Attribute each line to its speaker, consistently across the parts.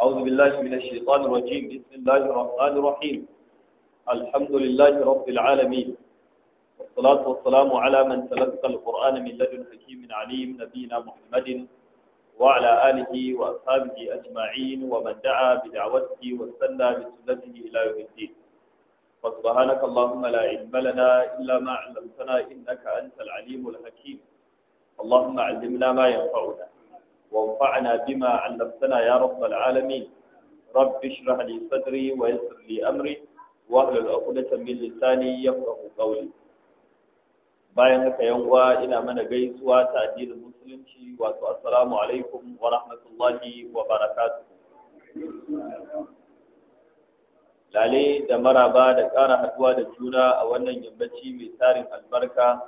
Speaker 1: أعوذ بالله من الشيطان الرجيم بسم الله الرحمن الرحيم الحمد لله رب العالمين والصلاة والسلام على من تلقى القرآن من لدن حكيم عليم نبينا محمد وعلى آله وأصحابه أجمعين ومن دعا بدعوته واستنى بسنته إلى يوم الدين فسبحانك اللهم لا علم لنا إلا ما علمتنا إنك أنت العليم الحكيم اللهم علمنا ما ينفعنا وانفعنا بما علمتنا يا رب العالمين رب اشرح لي صدري ويسر لي أمري واحلل عقدة من لساني يفقه قولي bayan haka yan uwa ina mana gaisuwa ta addinin musulunci wato assalamu alaikum wa rahmatullahi wa barakatuh lale da maraba da ƙara haɗuwa da juna a wannan yammaci mai tarin albarka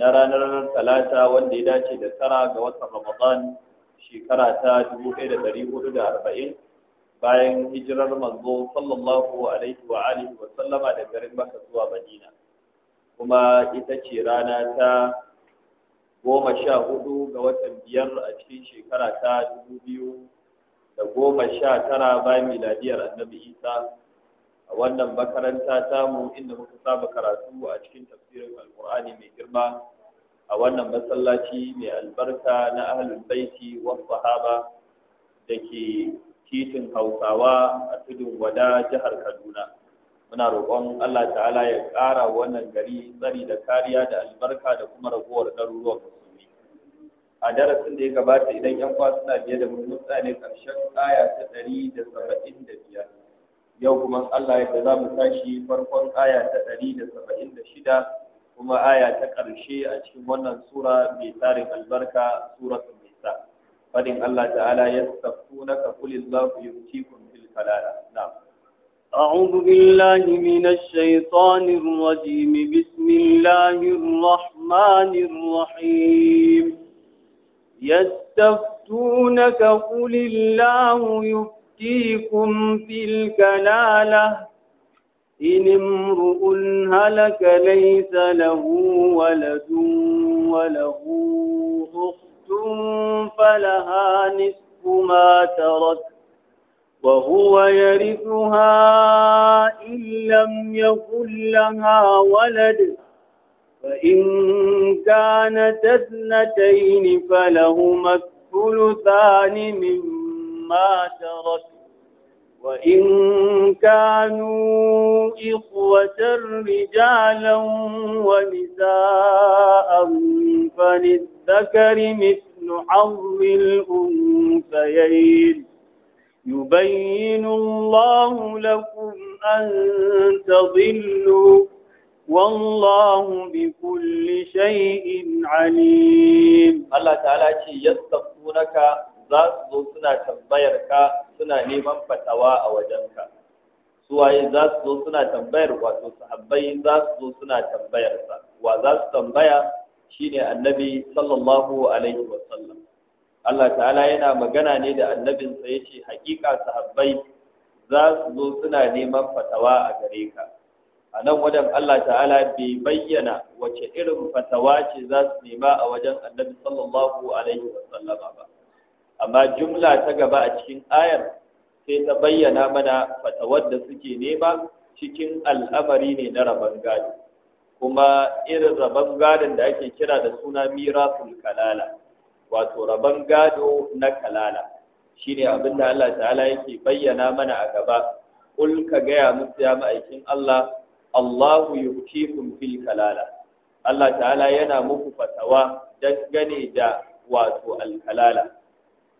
Speaker 1: na ranar talata wanda ya dace da tara ga watan ramadan shekara ta 1440 bayan hijirar manzo sallallahu alaihi wa alihi wa sallama da garin maka zuwa Madina kuma ita ce rana ta goma sha hudu ga watan biyar a cikin shekara ta dubu biyu da goma sha tara bayan miladiyar annabi isa a wannan makaranta tamu inda muka saba karatu a cikin tafsirin alkur'ani mai girma a wannan masallaci mai albarka na ahlul baiti wa sahaba da ke titin hausawa a tudun wada jihar kaduna muna roƙon allah ta'ala ya ƙara wannan gari tsari da kariya da albarka da kuma ragowar ɗaruruwan musulmi a darasin da ya gabata idan yan kwa suna biye da mun ne ƙarshen aya ta ɗari da saba'in da biyar yau kuma allah ya za mu tashi farkon aya ta ɗari da saba'in da shida kuma aya ta ƙarshe a cikin wannan sura mai tarin albarka suratul nisa Faɗin Allah ta'ala yastafunaka qulillahu
Speaker 2: yuftikum fil kalala na'am أعوذ بالله من الشيطان الرجيم بسم الله الرحمن الرحيم يستفتونك قل الله يفتيكم في الكلالة إن امرؤ هلك ليس له ولد وله أخت فلها نصف ما ترك وهو يرثها إن لم يكن لها ولد فإن كانت اثنتين فلهما الثلثان مما ترك وإن كانوا إخوة رجالا ونساء فللذكر مثل حظ الأنثيين يبين الله لكم أن تضلوا والله بكل شيء عليم الله تعالى يستغفرك za su zo suna tambayar ka
Speaker 1: suna neman fatawa a wajenka suwaye za su zo suna tambayar wato sahabbai za su zo suna tambayar sa wa za su tambaya shine annabi sallallahu alaihi wa sallam Allah ta'ala yana magana ne da Annabin sa yace hakika sahabbai za su zo suna neman fatawa a gare ka a nan wajen Allah ta'ala bai bayyana wace irin fatawa ce za su nema a wajen annabi sallallahu alaihi wa sallama ba amma jumla ta gaba a cikin ayar sai ta bayyana mana fatawar da suke nema cikin al'amari ne na rabon gado kuma irin rabon gadon da ake kira da suna mirasul kalala wato rabon gado na kalala shine abin da Allah ta'ala yake bayyana mana a gaba kul ka gaya musu ya ma'aikin Allah Allahu yukikum fil kalala Allah ta'ala yana muku fatawa dangane da wato alkalala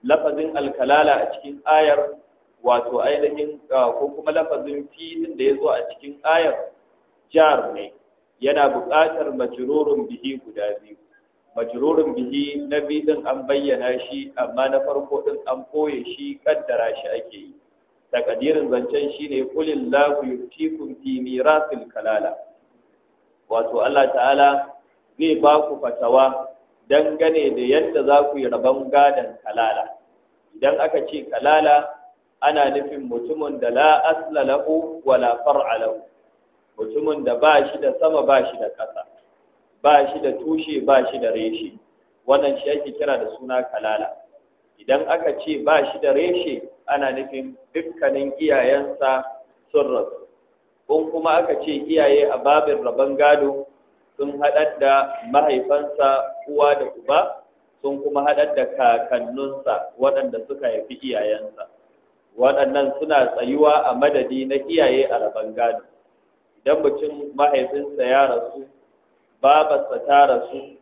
Speaker 1: lafazin alkalala a cikin ayar wato ainihin ah, ko kuma lafazin fi'in da ya zo a cikin ayar jar ne yana buƙatar majrurun bihi guda biyu majrurun bihi na din an bayyana shi amma na farko din an koye shi kaddara shi ake yi takadirin zancen shi shine qulillahu yutikum fi mirasil kalala wato Allah ta'ala zai ba ku fatawa dangane da yadda za ku yi rabon gadon kalala idan aka ce kalala ana nufin mutumin da la asla lahu wala far'a lahu mutumin da ba shi da sama ba shi da ƙasa ba shi da tushe ba shi da reshe wannan shi ake kira da suna kalala idan aka ce ba shi da reshe ana nufin dukkanin iyayensa sun rasu kun kuma aka ce iyaye a babin rabon gado sun haɗar da mahaifansa uwa da uba sun kuma haɗar da kakanninsa waɗanda suka haifi iyayensa waɗannan suna tsayuwa a madadi na iyaye a rabon gado idan mutum mahaifinsa ya rasu babarsa ta rasu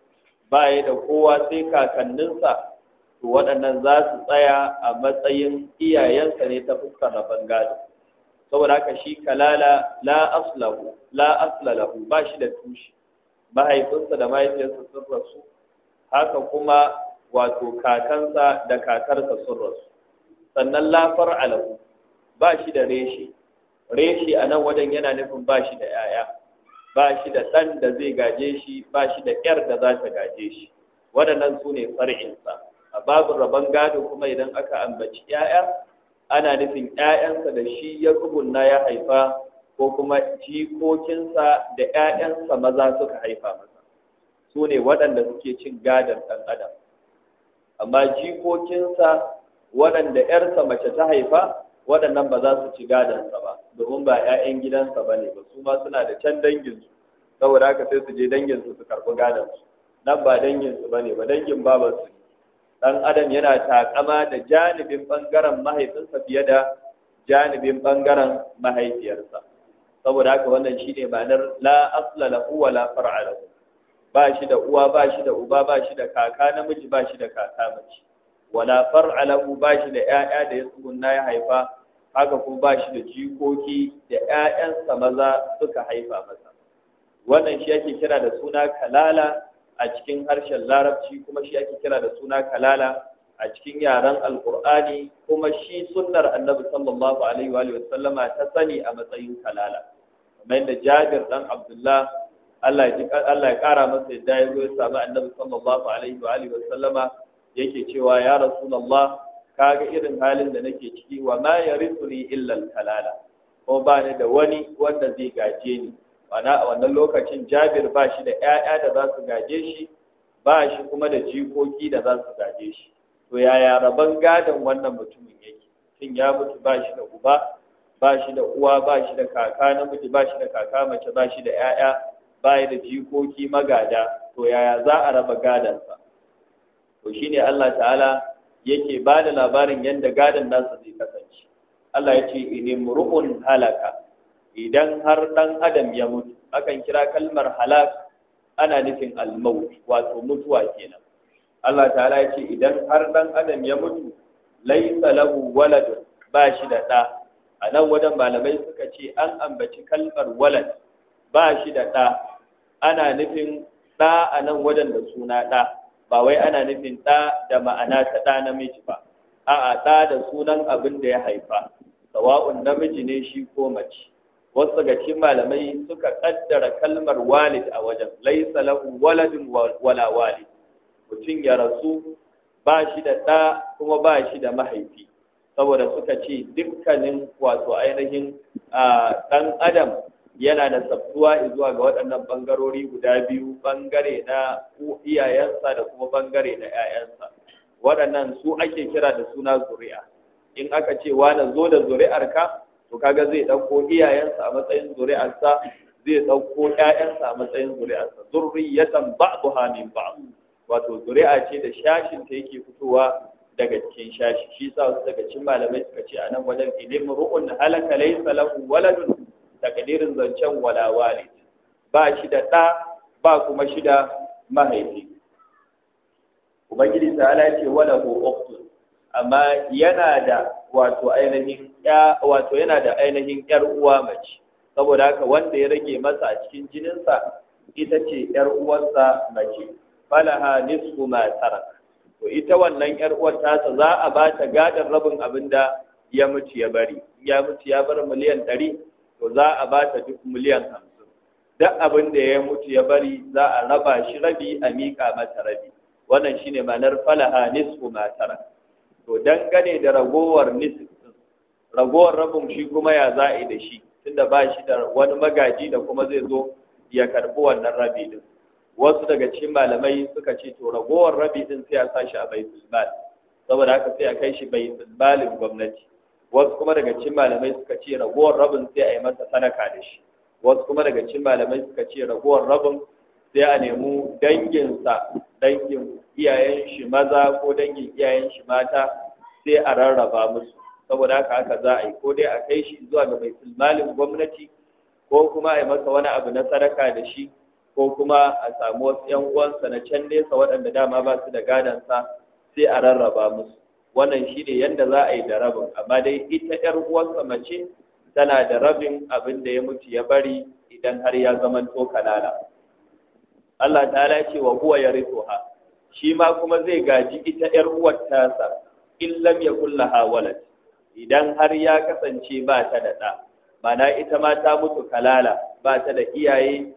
Speaker 1: baya da kowa sai kakanninsa to waɗannan za su tsaya a matsayin iyayensa ne ta fuskar rabon gado saboda haka shi kalala la aslahu ba shi da tushe mahaifinsa da mahaifiyarsa sun rasu haka kuma wato kakansa da kakarsa sun rasu sannan lafar alahu ba shi da reshe reshe a nan wajen yana nufin ba shi da 'ya'ya ba shi da ɗan da zai gaje shi ba shi da 'yar da za ta gaje shi waɗannan su ne far'insa a babu rabon gado kuma idan aka ambaci 'ya'ya ana nufin 'ya'yansa da shi ya tsubunna ya haifa ko kuma jikokinsa da ‘ya'yansa maza suka haifa masa su ne waɗanda suke cin gadon ɗan adam amma jikokinsa waɗanda ‘yarsa mace ta haifa waɗannan ba za su ci gadonsa ba domin ba ‘ya'yan gidansa ba ne ba su ma suna da can danginsu saboda haka sai su je danginsu su karɓi gadonsu nan ba danginsu ba ne ba dangin babansu ɗan adam yana takama da janibin ɓangaren mahaifinsa fiye da janibin ɓangaren mahaifiyarsa saboda haka wannan shine ma'anar la asla lahu wa la far'a ba shi da uwa ba shi da uba ba shi da kaka namiji ba shi da kaka mace wala far'a lahu ba shi da 'ya'ya da ya tsugunna ya haifa haka kuma ba shi da jikoki da 'ya'yansa maza suka haifa masa wannan shi ake kira da suna kalala a cikin harshen larabci kuma shi ake kira da suna kalala a cikin yaren alkur'ani kuma shi sunnar annabi sallallahu alaihi wa sallama ta sani a matsayin kalala Maina Jabir dan Abdullah Allah ya kara masa yadda ya zo ya samu Annabi sallallahu alaihi wa alihi wa sallama yake cewa ya Rasulullah kaga irin halin da nake ciki wa ma yarithuni illa al-kalala ko ba ni da wani wanda zai gaje ni wana a wannan lokacin Jabir ba shi da 'ya'ya da za su gaje shi ba shi kuma da jikoki da za su gaje shi to yaya rabon gadon wannan mutumin yake shin ya mutu ba shi da uba ba shi da uwa ba shi da kaka namiji ba shi da kaka mace ba shi da 'ya'ya ba da jikoki magada to yaya za a raba gadansa to shine Allah ta'ala yake ba da labarin yadda gadon nasa zai kasance Allah ya ce ini mur'un halaka idan har dan adam ya mutu akan kira kalmar halak ana nufin al-maut wato mutuwa kenan Allah ta'ala ya ce idan har dan adam ya mutu laysa lahu waladun ba shi da da a nan wajen malamai suka ce an ambaci kalmar walad ba shi da ɗa ana nufin ɗa a nan wajen da suna ɗa ba wai ana nufin ɗa da ma'ana ta ɗa namiji ba a'a ɗa da sunan abin da ya haifa sawa'un namiji ne shi ko mace wasu ga cikin malamai suka kaddara kalmar walid a wajen laisa lahu waladin wala walid mutum ya rasu ba shi da ɗa kuma ba shi da mahaifi saboda suka ce dukkanin wato ainihin ɗan adam yana da sabuwa zuwa ga waɗannan ɓangarori guda biyu ɓangare na iyayensa da kuma ɓangare na 'ya'yansa waɗannan su ake kira da suna zuri'a in aka ce na zo da ka to kaga zai ɗauko iyayensa a matsayin zuri'arsa zai ɗauko 'ya'yansa a matsayin zuri'arsa Zurri zurriyatan ba'du min ba'd wato zuri'a ce da shashin ta yake fitowa daga cikin shashi shi sa wasu daga cikin malamai suka ce a nan wajen ilim ru'un halaka laysa lahu waladun takdirin zancen wala walid ba shi da ɗa ba kuma shi da mahaifi ubangiji ta'ala ala ce wala hu ukhtun amma yana da wato ainihin ya wato yana da ainihin yar uwa mace saboda haka wanda ya rage masa a cikin jininsa ita ce yar uwarsa mace falaha nisfu ma taraka to ita wannan yar uwar tasa za a ba ta gadar rabin abin da ya mutu ya bari ya mutu ya bar miliyan ɗari to za a ba ta duk miliyan hamsin duk abin da ya mutu ya bari za a raba shi rabi a miƙa mata rabi wannan shine ma'anar falaha nisfu ma tara to dangane da ragowar nisfu ragowar rabin shi kuma ya za'i da shi tunda ba shi da wani magaji da kuma zai zo ya karɓi wannan rabi din wasu daga cikin malamai suka ce to ragowar rabi din sai a sa shi a baitul mal saboda haka sai a kai shi baitul malin gwamnati wasu kuma daga cikin malamai suka ce ragowar rabin sai a yi masa sadaka da shi wasu kuma daga cikin malamai suka ce ragowar rabin sai a nemi danginsa dangin iyayen shi maza ko dangin iyayen shi mata sai a rarraba musu saboda haka haka za a yi ko dai a kai shi zuwa ga baitul malin gwamnati ko kuma a yi masa wani abu na sadaka da shi ko kuma a samu wasu ‘yan uwansa na can nesa waɗanda dama ba su da gadansa sai a rarraba musu wannan shi ne yadda za a yi da rabin amma dai ita ‘yar uwansa mace tana da rabin abin da ya mutu ya bari idan har ya zama to kanana Allah ta ce wa huwa ya ha shi ma kuma zai gaji ita ‘yar uwar tasa in lam kulla ha idan har ya kasance ba ta da ɗa ita ma ta mutu kalala ba ta da iyaye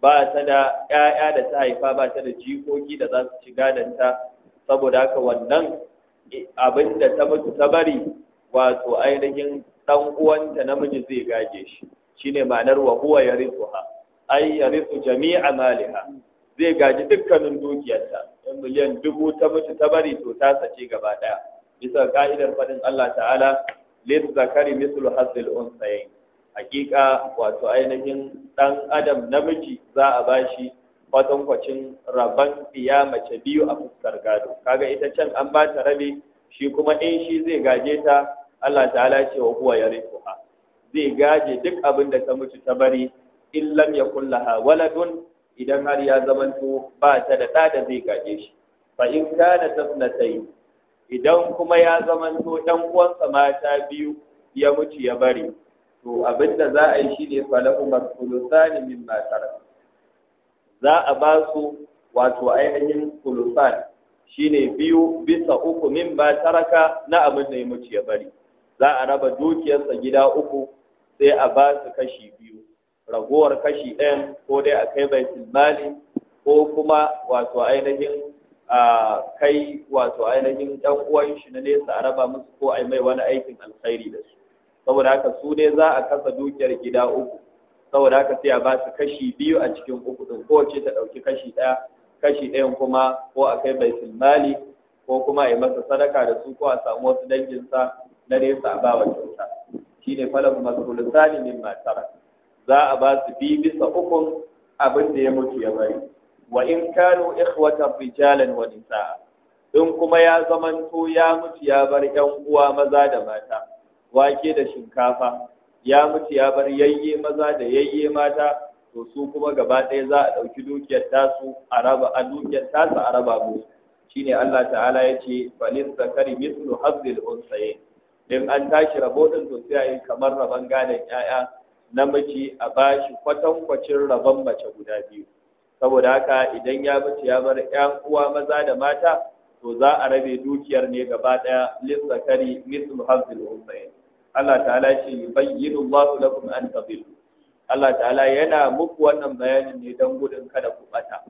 Speaker 1: ba ta da ƴaƴa da ta haifa ba ta da jikoki da za su ci gadanta saboda haka wannan abin da ta mutu ta bari wato ainihin ɗan uwanta namiji zai gaje shi shine ma'anar wa huwa ai ya rizu jami'a maliha zai gaji dukkanin dukiyarta in miliyan dubu ta mutu ta bari to ta sace gaba ɗaya. bisa ka'idar faɗin Allah ta'ala lil zakari mislu hazzil unsayayn hakika wato ainihin ɗan adam namiji za a bashi kwatankwacin rabon fiya mace biyu a fuskar gado kaga ita can an ba ta rabi shi kuma in shi zai gaje ta Allah Ta ala ce wa huwa yarithuha zai gaje duk abin da ta mutu ta bari in lam yakul laha waladun idan har ya zamanto ba ta da ɗa da zai gaje shi fa in kana tasnatai idan kuma ya zamanto ɗan uwansa mata biyu ya mutu ya bari to abinda za a yi shi shine falahu masulusan min matar za a ba su wato ainihin kulusan shine biyu bisa uku min ba taraka na abin da ya mutu ya bari za a raba dukiyarsa gida uku sai a ba su kashi biyu ragowar kashi ɗayan ko dai a kai bai mali ko kuma wato ainihin a kai wato ainihin ɗan uwan shi na nesa a raba musu ko a mai wani aikin alkhairi da su saboda haka su ne za a kasa dukiyar gida uku saboda haka sai a ba su kashi biyu a cikin uku din kowace ta dauki kashi ɗaya kashi ɗayan kuma ko a kai baitul mali ko kuma a yi masa sadaka da su ko a samu wasu danginsa na nesa a ba wa kyauta shi ne falon masulusani min matara za a ba su bi bisa ukun abin da ya mutu ya bari wa in kanu ikhwatan rijalan wa nisaa in kuma ya zamanto ya mutu ya bar 'yan uwa maza da mata wake da shinkafa ya mutu ya bar yayye maza da yayye mata to su kuma gaba ɗaya za a ɗauki dukiyar tasu a raba a dukiyar tasu a raba mu shine Allah ta'ala ya ce balin zakari mislu hazil unsayin in an tashi rabo din to sai yi kamar rabon gadon 'ya'ya namiji a bashi kwatankwacin rabon mace guda biyu saboda haka idan ya mutu ya bar 'yan uwa maza da mata to za a rabe dukiyar ne gaba ɗaya kari mislu hazil unsayin Allah ta'ala ce yubayyinu Allahu lakum an tadillu Allah ta'ala yana muku wannan bayanin ne don gudun kada ku bata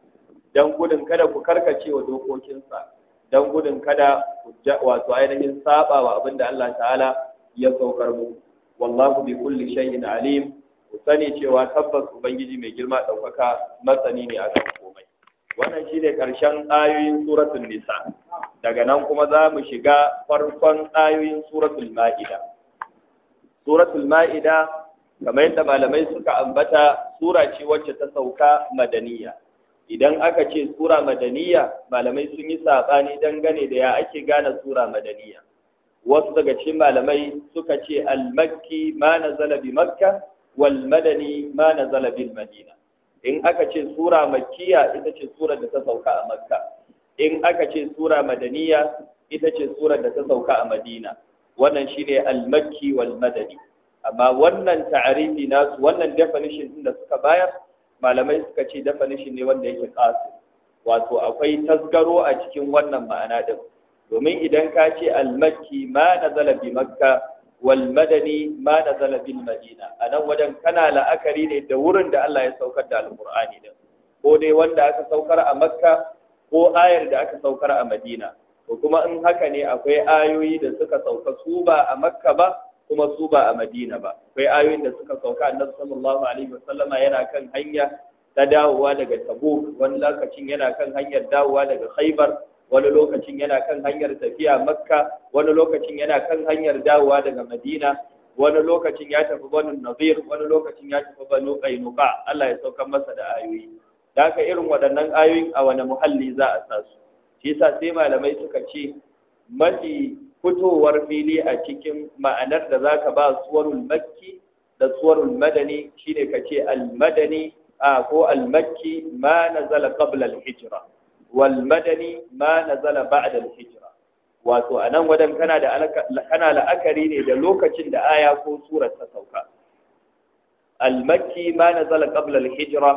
Speaker 1: don gudun kada ku karkace wa dokokinsa don gudun kada ku wato ainihin saba wa abinda Allah ta'ala ya saukar mu wallahu bi kulli shay'in alim ku sani cewa tabbas ubangiji mai girma daukaka masani ne akan komai wannan shine karshen ayoyin suratul nisa daga nan kuma za mu shiga farkon ayoyin suratul ma'ida suratul ma'ida kamar yadda malamai suka ambata sura ce wacce ta sauka madaniya idan aka ce sura madaniya malamai sun yi saɓani dangane da ya ake gane sura madaniya wasu daga cikin malamai suka ce Almakki makki ma nazala bi makka wal madani ma nazala bil madina in aka ce sura makkiya ita ce sura da ta sauka a makka in aka ce sura madaniya ita ce sura da ta sauka a madina wannan shine al-makki wal madani amma wannan ta'arifi nasu wannan definition din da suka bayar malamai suka ce definition ne wanda yake kasu wato akwai tasgaro a cikin wannan ma'ana din domin idan ka ce al-makki ma nazala bi makka wal madani ma nazala bil madina anan wajen kana la'akari ne da wurin da Allah ya saukar da alqur'ani din ko dai wanda aka saukar a makka ko ayar da aka saukar a madina ko kuma in haka ne akwai ayoyi da suka sauka su ba a makka ba kuma su ba a madina ba akwai ayoyin da suka sauka annabi sallallahu alaihi wasallama yana kan hanya ta dawowa daga tabo wani lokacin yana kan hanyar dawowa daga khaibar wani lokacin yana kan hanyar tafiya makka wani lokacin yana kan hanyar dawowa daga madina wani lokacin ya tafi banu nazir wani lokacin ya tafi banu qainuqa Allah ya saukar masa da ayoyi da haka irin waɗannan ayoyin a wani muhalli za a sa su shi yasa sai malamai suka ce mafi fitowar fili a cikin ma'anar da zaka ba suwarul makki da suwarul madani shine kace al madani a ko al makki ma nazala qabla al hijra wal madani ma nazala ba'da al hijra wato anan wadan kana da kana la'akari ne da lokacin da aya ko surar ta sauka al makki ma nazala qabla al hijra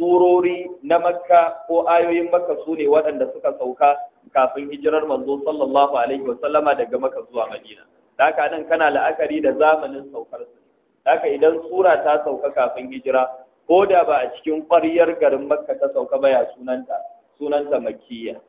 Speaker 1: surori na makka ko ayoyin makka su ne waɗanda suka sauka kafin hijirar manzo sallallahu alaihi wa sallama daga makka zuwa madina haka nan kana la'akari da zamanin saukar su haka idan sura ta sauka kafin hijira ko da ba a cikin ƙwaryar garin makka ta sauka ba ya sunanta sunanta makkiya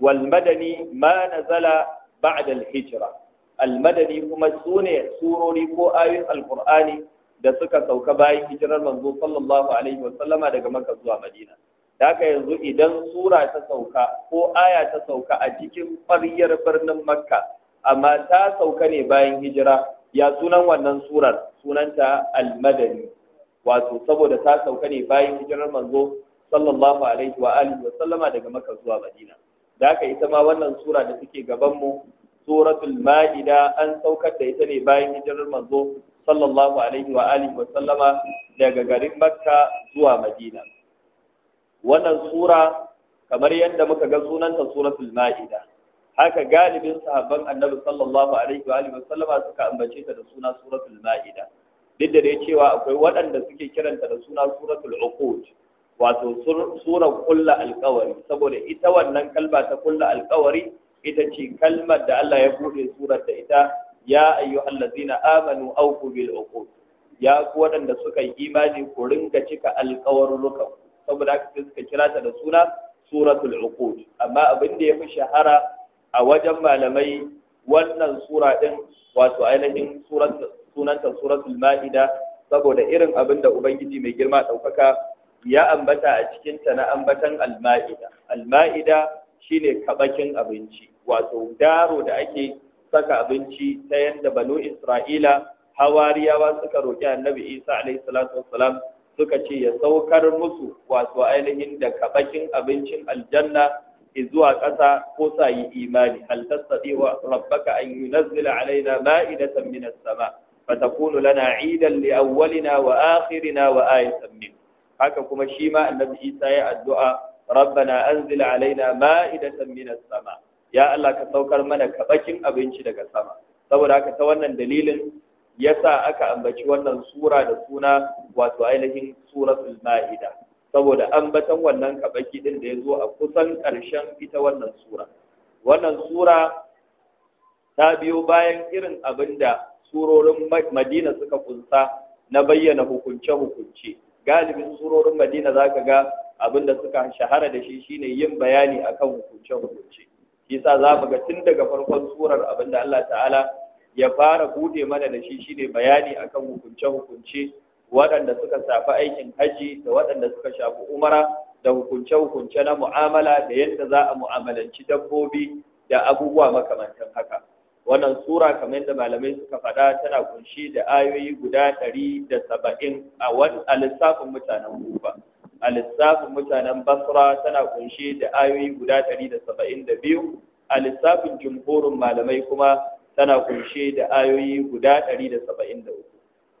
Speaker 1: wal madani ma nazala ba'da al hijra al madani kuma sune surori ko ayoyin alqur'ani da suka sauka bayan hijirar manzo sallallahu alaihi wa sallama daga Makka zuwa Madina da haka yanzu idan sura ta sauka ko aya ta sauka a cikin ƙwaryar birnin Makka amma ta sauka ne bayan hijira ya sunan wannan surar sunanta al-madani wato saboda ta sauka ne bayan hijirar manzo sallallahu alaihi wa alihi wa sallama daga Makka zuwa Madina da haka ita ma wannan sura da take gaban mu suratul ma'ida an saukar da ita ne bayan hijirar manzo sallallahu alaihi wa alihi wa sallama daga garin makka zuwa madina wannan sura kamar yadda muka ga sunanta suratul ma'ida haka galibin sahabban annabi sallallahu alaihi wa alihi wa sallama suka ambace ta da suna suratul ma'ida duk da dai cewa akwai waɗanda suke kiranta da suna suratul uqud wato surar kulla alƙawari saboda ita wannan kalba ta kulla alƙawari ita ce kalmar da Allah ya bude surar da ita ya ayyuhallazina amanu awfu bil uqud ya ku waɗanda suka yi imani ku ringa cika alƙawarrukan saboda haka suka kira ta da suna suratul uqud amma abin da yafi shahara a wajen malamai wannan sura din wato ainihin sunanta suratul ma'ida saboda irin abin da ubangiji mai girma ɗaukaka ya ambata a cikinta na ambatan al-ma'ida al-ma'ida shine kabakin abinci wato daro da ake saka abinci ta yadda banu isra'ila hawariyawa suka roƙi annabi isa alaihi salatu wassalam suka ce ya saukar musu wato ainihin da kabakin abincin aljanna zuwa ƙasa ko sa yi imani hal tastati wa rabbaka an yunazzila alaina ma'idatan minas sama fatakunu lana idan li awwalina wa akhirina wa ayatan min haka kuma shi ma annabi Isa ya addu'a rabbana anzil alaina ma'idatan minas sama ya Allah ka saukar mana kabakin abinci daga sama saboda haka ta wannan dalilin yasa aka ambaci wannan sura da suna wato ainihin suratul ma'ida saboda ambatan wannan kabaki din da ya zo a kusan ƙarshen ita wannan sura wannan sura ta biyo bayan irin abin da surorin madina suka kunsa na bayyana hukunce-hukunce galibin surorin madina zaka ga abin da suka shahara da shi shine yin bayani akan hukunce-hukunce yasa za mu ga tun daga farkon surar abin da Allah ta'ala ya fara bude mana da shi shine bayani akan hukunce-hukunce waɗanda suka shafi aikin haji da waɗanda suka shafi umara da hukunce-hukunce na mu'amala da yadda za a mu'amalanci dabbobi da abubuwa makamantan haka wannan sura kamar yadda malamai suka faɗa tana kunshi da ayoyi guda ɗari da saba'in a lissafin mutanen kufa a lissafin mutanen basra tana kunshe da ayoyi guda ɗari da saba'in da biyu a lissafin jumhurin malamai kuma tana kunshe da ayoyi guda ɗari da saba'in da uku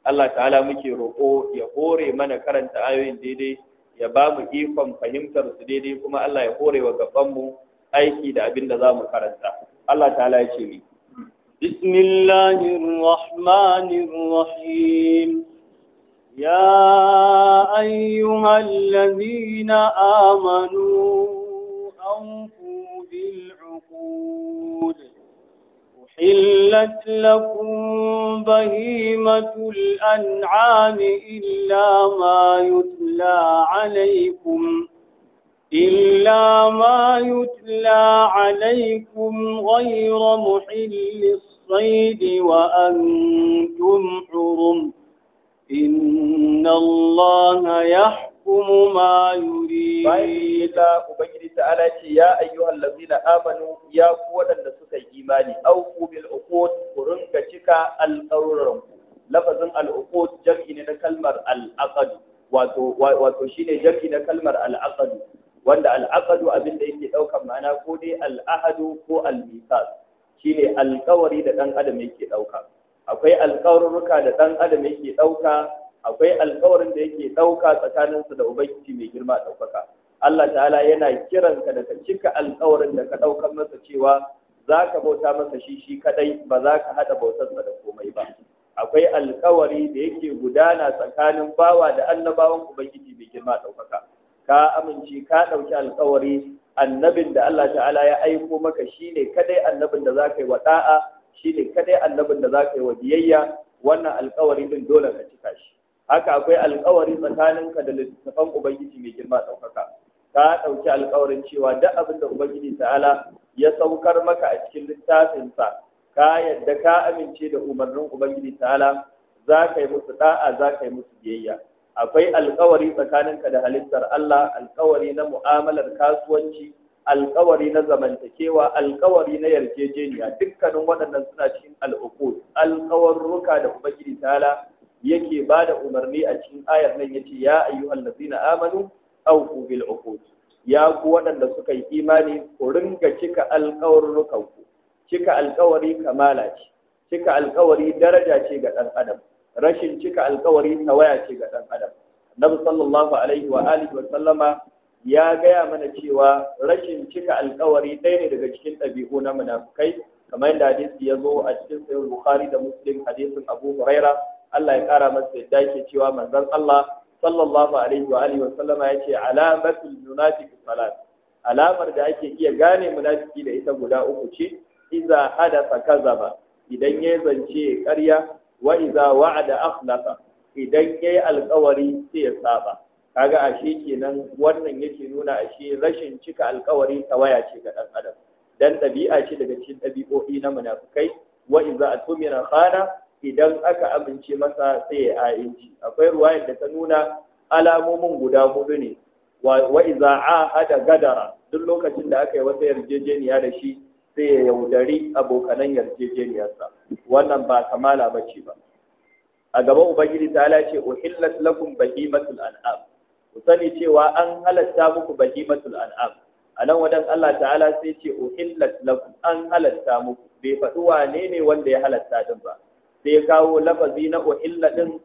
Speaker 1: Allah ta'ala muke roƙo ya hore mana karanta ayoyin daidai ya ba mu ikon fahimtar su daidai kuma Allah ya hore wa gabanmu aiki da
Speaker 2: abin da za mu karanta Allah ta'ala ya ce ni بسم الله الرحمن يا أيها الذين آمنوا أوفوا بالعقود أحلت لكم بهيمة الأنعام إلا ما يتلى عليكم إلا ما يتلى عليكم غير محل الصيد وأنتم حرم inna Allah yahkumu ma yurid bayan ubangiji ta'ala ce ya ayyuhal ladzina
Speaker 1: amanu ya ku waɗanda suka yi imani au ku bil uqud ku rinka cika alqawran ku lafazin al uqud jam'i ne na kalmar al aqd wato wato shine jam'i na kalmar al aqd wanda al aqd abin da yake daukar ma'ana ko dai al ahadu ko al mithaq shine alƙawari da ɗan adam yake ɗauka akwai alƙawarruka da ɗan adam yake ɗauka akwai alƙawarin da yake ɗauka tsakaninsu da ubangiji mai girma ɗaukaka Allah ta'ala yana kiranka da ka cika alƙawarin da ka ɗaukar masa cewa za ka bauta masa shi shi kaɗai ba za ka haɗa bautarsa da komai ba akwai alƙawari da yake gudana tsakanin bawa da annabawan ubangiji mai girma ɗaukaka ka amince ka ɗauki alƙawari annabin da Allah ta'ala ya aiko maka shi ne kaɗai annabin da za ka yi wa ɗa'a shine kadai annabin da za ka yi wa biyayya wannan alkawari din dole ka cika shi haka akwai alƙawari ka da littattafan ubangiji mai girma ɗaukaka ka ɗauki alkawarin cewa duk abin da ubangiji ta'ala ya saukar maka a cikin littafinsa ka yadda ka amince da umarnin ubangiji ta'ala za ka yi musu da'a za ka yi musu biyayya akwai alƙawari tsakaninka da halittar Allah alkawari na mu'amalar kasuwanci alkawari na zamantakewa alkawari na yarjejeniya dukkanin waɗannan suna cikin al'uqud alkawarruka da ubangiji ta'ala yake ba da umarni a cikin ayar nan yace ya ayyuhal na amanu awfu bil uqud ya ku waɗanda suka yi imani ku ringa cika alkawarrukan ku cika alkawari kamala ce cika alkawari daraja ce ga ɗan adam rashin cika alkawari tawaya ce ga ɗan adam annabi sallallahu alaihi wa alihi wa sallama ya gaya mana cewa rashin cika alkawari ɗaya ne daga cikin ɗabi'u na munafukai kamar yadda hadisi ya zo a cikin sahih bukhari da muslim hadisin abu huraira Allah ya kara masa yadda yake cewa manzon Allah sallallahu alaihi wa alihi wa sallama yace alamatul salat alamar da ake iya gane munafiki da ita guda uku ce iza hadasa kazaba idan ya zance ƙarya wa iza wa'ada akhlafa idan ya yi alƙawari sai ya saba kaga ashe kenan wannan yake nuna ashe rashin cika alkawari tawaya ce ga dan adam dan ɗabi'a ce daga cikin ɗabi'o'i na munafukai wa idza atumira khana idan aka amince masa sai ya ayinci akwai ruwayar da ta nuna alamomin guda hudu ne wa idza ahada gadara duk lokacin da aka yi wata yarjejeniya da shi sai ya yaudari abokanan yarjejeniyarsa wannan ba kamala bace ba a gaban ubangiji ta ce uhillat lakum bahimatul an'am ku sani cewa an halatta muku baki bahimatul an'am nan wajen Allah ta'ala sai ce uhillat lakum an halatta muku bai faɗi wane ne wanda ya halatta din ba sai kawo lafazi na uhilla din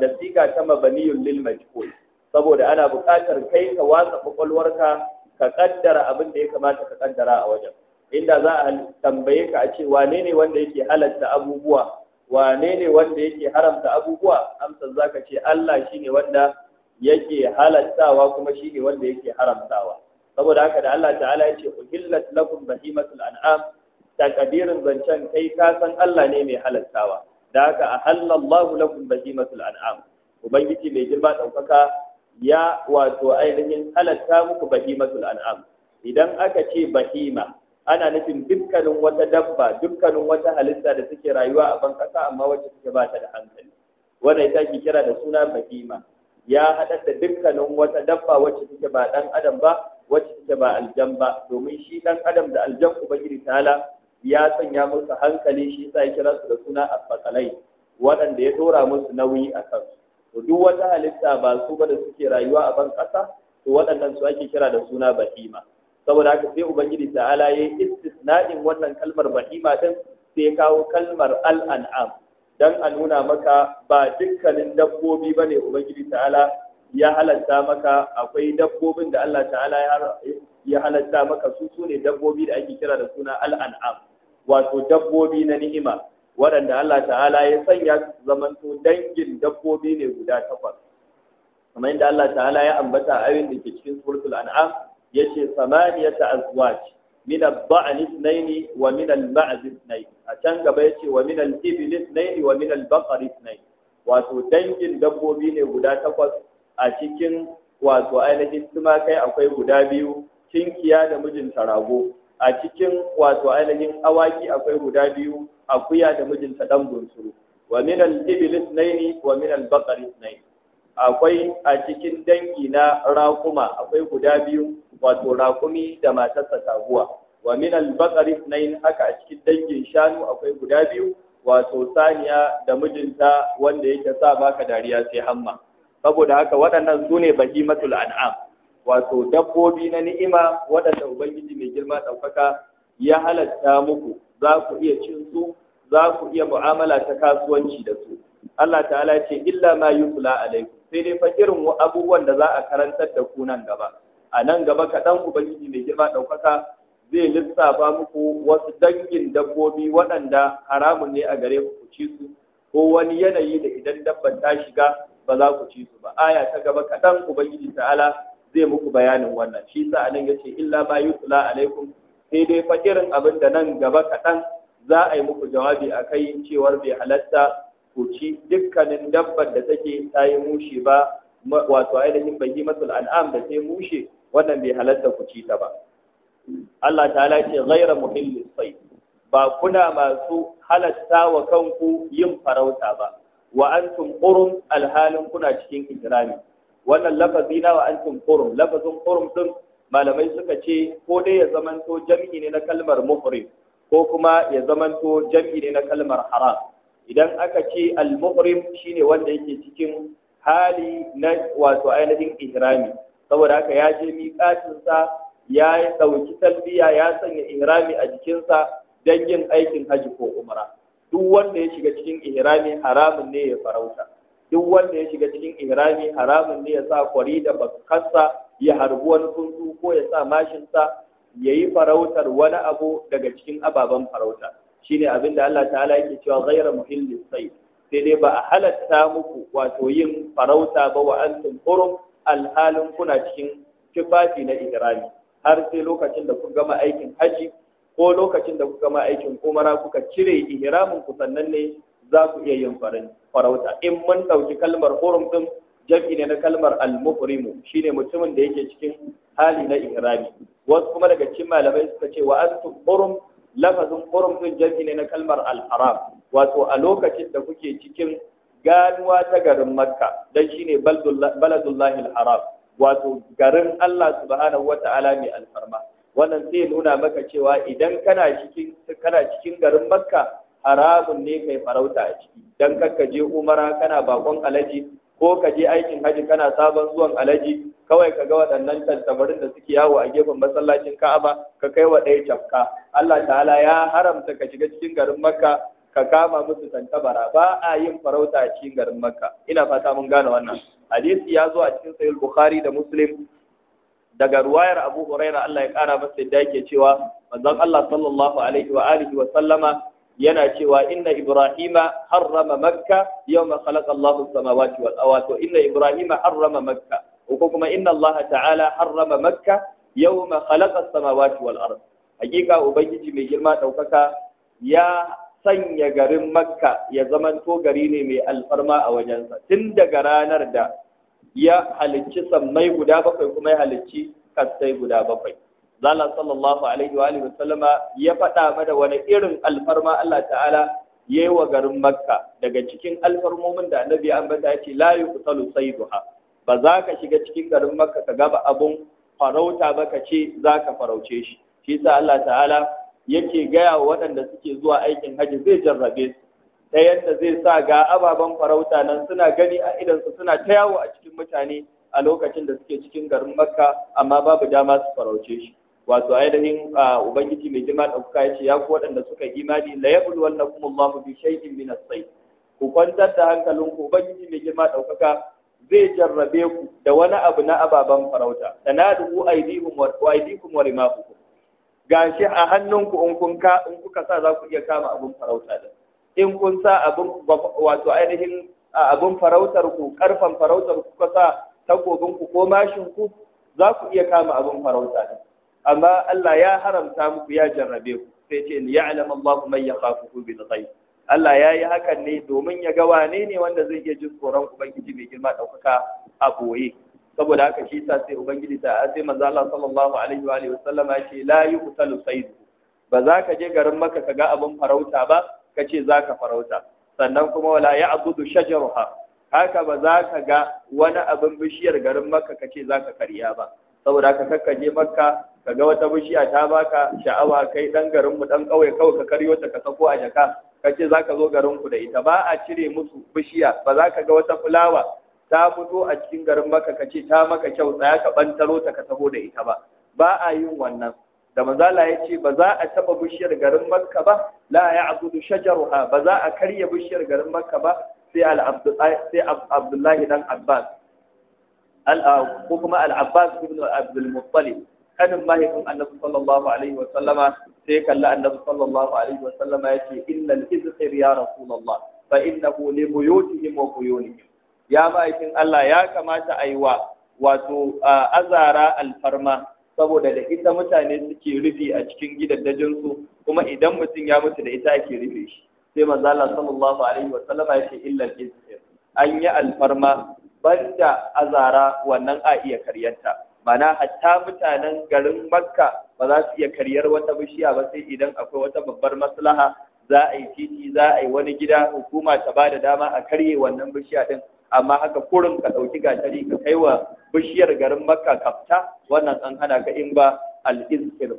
Speaker 1: da sika ta mabaniyul lil majhul saboda ana buƙatar kai ka watsa kwakwalwarka ka kaddara abin da ya kamata ka kaddara a wajen inda za a tambaye ka a ce wane ne wanda yake halatta abubuwa wane ne wanda yake haramta abubuwa amsar zaka ce Allah shine wanda yake halattawa kuma shi ne wanda yake haramtawa saboda haka da Allah ta'ala yace uhillat lakum bahimatul an'am takadirin zancen kai ka san Allah ne mai halattawa da haka ahallallahu lakum bahimatul an'am ubangiji mai girma daukaka ya wato ainihin halatta muku bahimatul an'am idan aka ce bahima ana nufin dukkanin wata dabba dukkanin wata halitta da suke rayuwa a ban amma wacce suke ba ta da hankali wannan ita ake kira da suna bahima ya haɗar da dukkanin wata dabba wacce take ba ɗan adam ba wacce take ba aljan ba domin shi ɗan adam da aljan ubangiji ta'ala ya sanya musu hankali shi sa ya kira su da suna asfakalai waɗanda ya dora musu nauyi a kan. to duk wata halitta ba su ba da suke rayuwa a ban ƙasa to waɗannan su ake kira da suna bahima saboda haka sai ubangiji ta'ala ya yi istisna'in wannan kalmar bahima din sai ya kawo kalmar al'an'am dan a nuna maka ba dukkanin dabbobi bane ubangiji ta'ala ya halatta maka akwai dabbobin da Allah ta'ala ya halatta maka su sune dabbobi da ake kira da suna al wato dabbobi na ni'ima waɗanda Allah ta'ala ya sanya zamanto dangin dabbobi ne guda takwas kamar yadda Allah ta'ala ya ambata a ayoyin da ke cikin suratul an'am yace ta azwaj min al-ba'n ithnayn wa min al-ma'z ithnayn a can gaba yace wa min al-ibil ithnayn wa min al-baqar ithnayn wato dangin dabbobi ne guda takwas a cikin wato ainihin tumakai akwai guda biyu tinkiya da mijinta rago a cikin wato ainihin awaki akwai guda biyu akuya da mijinta ɗan bunsuru wa min al-ibil ithnayn wa min al-baqar ithnayn akwai a cikin dangi na raƙuma akwai guda biyu wato raƙumi da matarsa taguwa wa min al na yin haka a cikin dangin shanu akwai guda biyu wato saniya da mijinta wanda yake sa baka dariya sai hamma saboda haka waɗannan su ne bahimatul an'am wato dabbobi na ni'ima waɗanda ubangiji mai girma ɗaukaka ya halatta muku za ku iya cin su za ku iya mu'amala ta kasuwanci da su Allah ta'ala ce illa ma yusla alaikum sai dai fa irin abubuwan da za a karantar da ku nan gaba a nan gaba kaɗan ubangiji mai girma ɗaukaka zai lissafa muku wasu dangin dabbobi waɗanda haramun ne a gare ku ci su ko wani yanayi da idan dabban ta shiga ba za ku ci su ba aya ta gaba kaɗan ubangiji ta'ala zai muku bayanin wannan shi sa anan ce illa ma kula alaikum sai dai fa irin abin da nan gaba kaɗan za a yi muku jawabi a kai cewar bai halatta ku ci dukkanin dabbar da take ta yi mushe ba wato ainihin bai yi masul an'am da ta mushe wannan bai halatta ku ci ta ba Allah ta'ala ce ghaira muhimmin sai ba kuna masu halatta wa kanku yin farauta ba wa antum qurum alhalin kuna cikin ihrami wannan lafazi na wa antum qurum lafazin qurum din malamai suka ce ko dai ya zamanto jam'i ne na kalmar muhrim ko kuma ya zamanto jam'i ne na kalmar haram idan aka ce al-muhrim shine wanda yake cikin hali na wato ainihin ihrami saboda haka ya je sa ya ɗauki talbiya ya sanya ihrami a jikinsa don yin aikin haji ko umra duk wanda ya shiga cikin ihrami haramun ne ya farauta duk wanda ya shiga cikin ihrami haramun ne ya sa kwari da bakkarsa ya harbi wani tsuntsu ko ya sa mashinsa ya yi farautar wani abu daga cikin ababen farauta shine abinda Allah ta'ala yake cewa ghayra muhillis sai sai dai ba a halatta muku wato yin farauta ba wa antum hurum alhalin kuna cikin tufafi na ihrami har sai lokacin da kuka gama aikin haji ko lokacin da kuka gama aikin umara kuka cire ihramin ku sannan ne za ku iya yin farauta in mun ɗauki kalmar hurum ɗin jam'i ne na kalmar al-muhrimu shine mutumin da yake cikin hali na ihrami wasu kuma daga cikin malamai suka ce wa antum hurum lafazin ƙurum ɗin jami ne na kalmar alharam wato a lokacin da kuke cikin ganuwa ta garin makka don shi ne baladullahi alharam wato garin allah subhanahu wa ta'ala mai alfarma wannan zai nuna maka cewa idan kana cikin kana cikin garin makka haramun ne kai farauta a ciki dan kakka je umara kana bakon alaji ko ka je aikin haji kana sabon zuwan alaji kawai ka ga waɗannan tantabarin da suke yawo a gefen masallacin Ka'aba ka kai wa ɗaya cafka Allah ta'ala ya haramta ka shiga cikin garin Makka ka kama musu tantabara ba a yin farauta a cikin garin Makka ina fata mun gane wannan hadisi ya zo a cikin sahih Bukhari da Muslim daga ruwayar Abu Hurairah Allah ya kara masa yadda yake cewa manzon Allah sallallahu alaihi wa alihi wa sallama yana cewa inna ibrahima harrama makka yawma khalaqa Allahu samawati wal ardi inna ibrahima harrama makka ko kuma inna Allah ta'ala harrama makka yawma khalaqa samawati wal ardi hakika ubangiji mai girma daukaka ya sanya garin makka ya zamanto gari ne mai alfarma a wajensa tun daga ranar da ya halicci sammai guda bakwai kuma ya halicci kastai guda bakwai zala sallallahu alaihi wa alihi wasallama ya faɗa mana wani irin alfarma Allah ta'ala yayi wa garin Makka daga cikin alfarmomin da Annabi an ambata ya ce la yuqtalu sayduha ba za ka shiga cikin garin Makka ka gaba abun farauta ba ka ce za ka farauce shi shi sa Allah ta'ala yake gaya wa waɗanda suke zuwa aikin hajji zai jarrabe su ta yadda zai sa ga ababen farauta nan suna gani a idansu suna ta yawo a cikin mutane a lokacin da suke cikin garin makka amma babu dama su farauce shi wato ainihin ubangiji mai girma da kuka yace, ya ku waɗanda suka imani la yabul wannakum Allahu bi shay'in min as-sayf ku kwantar da hankalinku ubangiji mai girma kuka zai jarrabe ku da wani abu na ababen farauta da aydihum wa aydikum wa rimahukum gashi a hannunku in kun ka in kuka sa za ku iya kama abun farauta da in kun sa abun wato ainihin abun farautar ku karfan farautar ku kuka sa takobin ku ko mashin ku za ku iya kama abun farauta da amma Allah ya haramta muku ya jarrabe ku sai ce ni ya'lam Allah man ku bil ghaib Allah ya yi hakan ne domin ya ga wane ne wanda zai iya jin tsoron ubangiji mai girma daukaka a boye saboda haka shi yasa sai ubangiji ta sai manzo Allah sallallahu alaihi wa alihi wasallam ya ce la yuqtalu sayd ba za ka je garin maka ka ga abin farauta ba ka ce za ka farauta sannan kuma wala ya'budu shajaruha haka ba za ka ga wani abin bishiyar garin maka ka ce za ka karya ba saboda haka kakka je makka kaga wata bishiya ta baka sha'awa kai dan garin mu dan kauye kawai ka karyo ta ka sako a jaka kace zaka zo garin ku da ita ba a cire musu bishiya ba za ka ga wata fulawa ta fito a cikin garin maka kace ta maka kyau tsaya ka bantaro ta ka taho da ita ba ba a yin wannan da manzala ya ce ba za a taba bishiyar garin makka ba la ya'budu shajaruha ba za a karya bishiyar garin makka ba sai abdullahi dan abbas kuma al-abbas ibn abdul muttalib kanin mahaifin annabi sallallahu alaihi wa sallama sai kalla annabi sallallahu alaihi wa sallama yace innal izhir ya rasulullah fa innahu li buyutihim wa buyunihim ya mahaifin Allah ya kamata a yi wa wato azara alfarma saboda da ita mutane suke rufi a cikin gidaddajinsu kuma idan mutum ya mutu da ita ake rufe shi sai manzo Allah sallallahu alaihi wa sallam ya ce illa al an yi alfarma banda azara wannan a iya karyanta mana hatta mutanen garin makka ba za su iya karyar wata bishiya ba sai idan akwai wata babbar maslaha za a yi titi za a yi wani gida hukuma ta ba da dama a karye wannan bishiya din amma haka kurin ka ɗauki gatari ka kai wa bishiyar garin makka kafta wannan an hana ka in ba al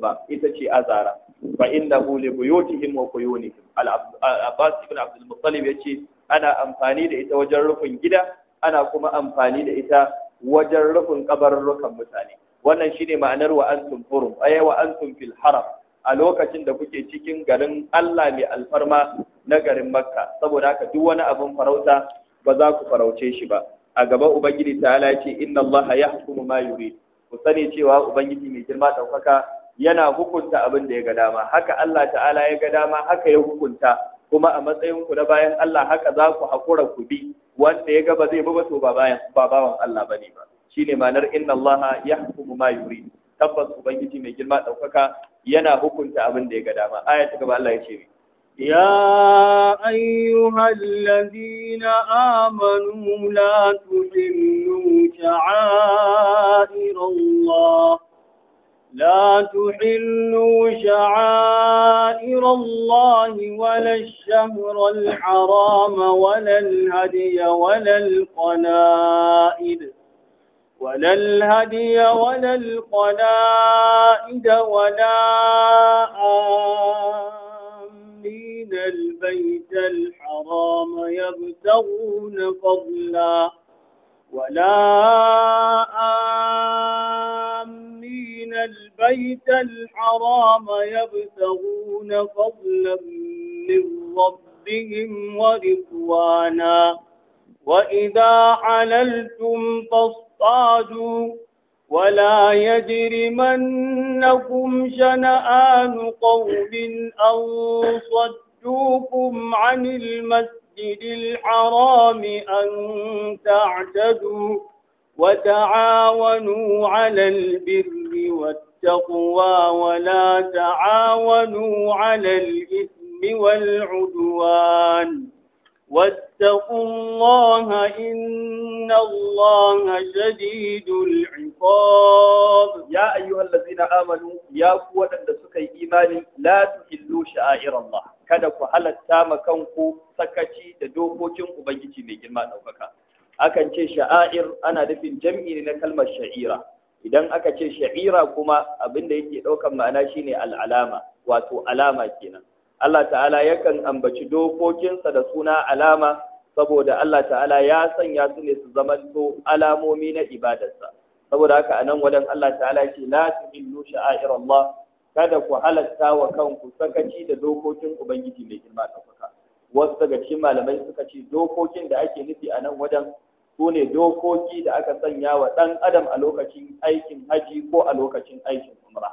Speaker 1: ba ita ce azara fa innahu li buyutihim wa quyunihim al-abbas ibn abdul muttalib yace ana amfani da ita wajen rufin gida ana kuma amfani da ita wajen rufin kabarurrukan mutane wannan shine ma'anar wa antum furum ay wa antum fil haram a lokacin da kuke cikin garin Allah mai alfarma na garin Makka saboda haka duk wani abin farauta ba za ku farauce shi ba a gaban ubangiji ta ce inna Allah yahkumu ma yurid ku sani cewa ubangiji mai girma daukaka yana hukunta abin da ya ga dama haka Allah ta'ala ya ga dama haka ya hukunta kuma a matsayin ku na bayan Allah haka za ku hakura ku bi wanda ya ga ba zai ba to ba bayan ba bawan Allah bane ba shine ma'anar inna Allah yahkumu ma yurid tabbas ubangiji mai girma ɗaukaka yana hukunta abin da ya ga dama aya ta gaba Allah ya ce
Speaker 2: يا أيها amanu آمنوا لا تحلوا لا تحلوا شعائر الله ولا الشهر الحرام ولا الهدي ولا القنائد ولا الهدي ولا القلائد ولا آمين البيت الحرام يبتغون فضلاً ولا آمين البيت الحرام يبتغون فضلا من ربهم ورضوانا وإذا حللتم فاصطادوا ولا يجرمنكم شنآن قوم أن صدوكم عن المسجد المسجد الحرام أن تعتدوا وتعاونوا على البر والتقوى ولا تعاونوا على الإثم والعدوان واتقوا الله إن الله شديد العقاب يا أيها الذين آمنوا يا قوة أن إيماني
Speaker 1: لا تحلوا شعائر الله kada ku halatta ma kanku sakaci da dokokin ubangiji mai girma daukaka akan ce sha'air ana nufin jam'i ne na kalmar sha'ira idan aka ce sha'ira kuma abin da yake ɗaukan ma'ana shine al'alama wato alama kenan Allah ta'ala yakan ambaci dokokinsa da suna alama saboda Allah ta'ala ya sanya su ne su zamanto alamomi na ibadarsa saboda haka anan wajen Allah ta'ala ce la tuhillu sha'ir Allah kada ku halatta wa kanku sakaci da dokokin ubangiji mai girma ɗaukaka wasu daga cikin malamai suka ce dokokin da ake nufi a nan wajen su ne dokoki da aka sanya wa ɗan adam a lokacin aikin haji ko a lokacin aikin umra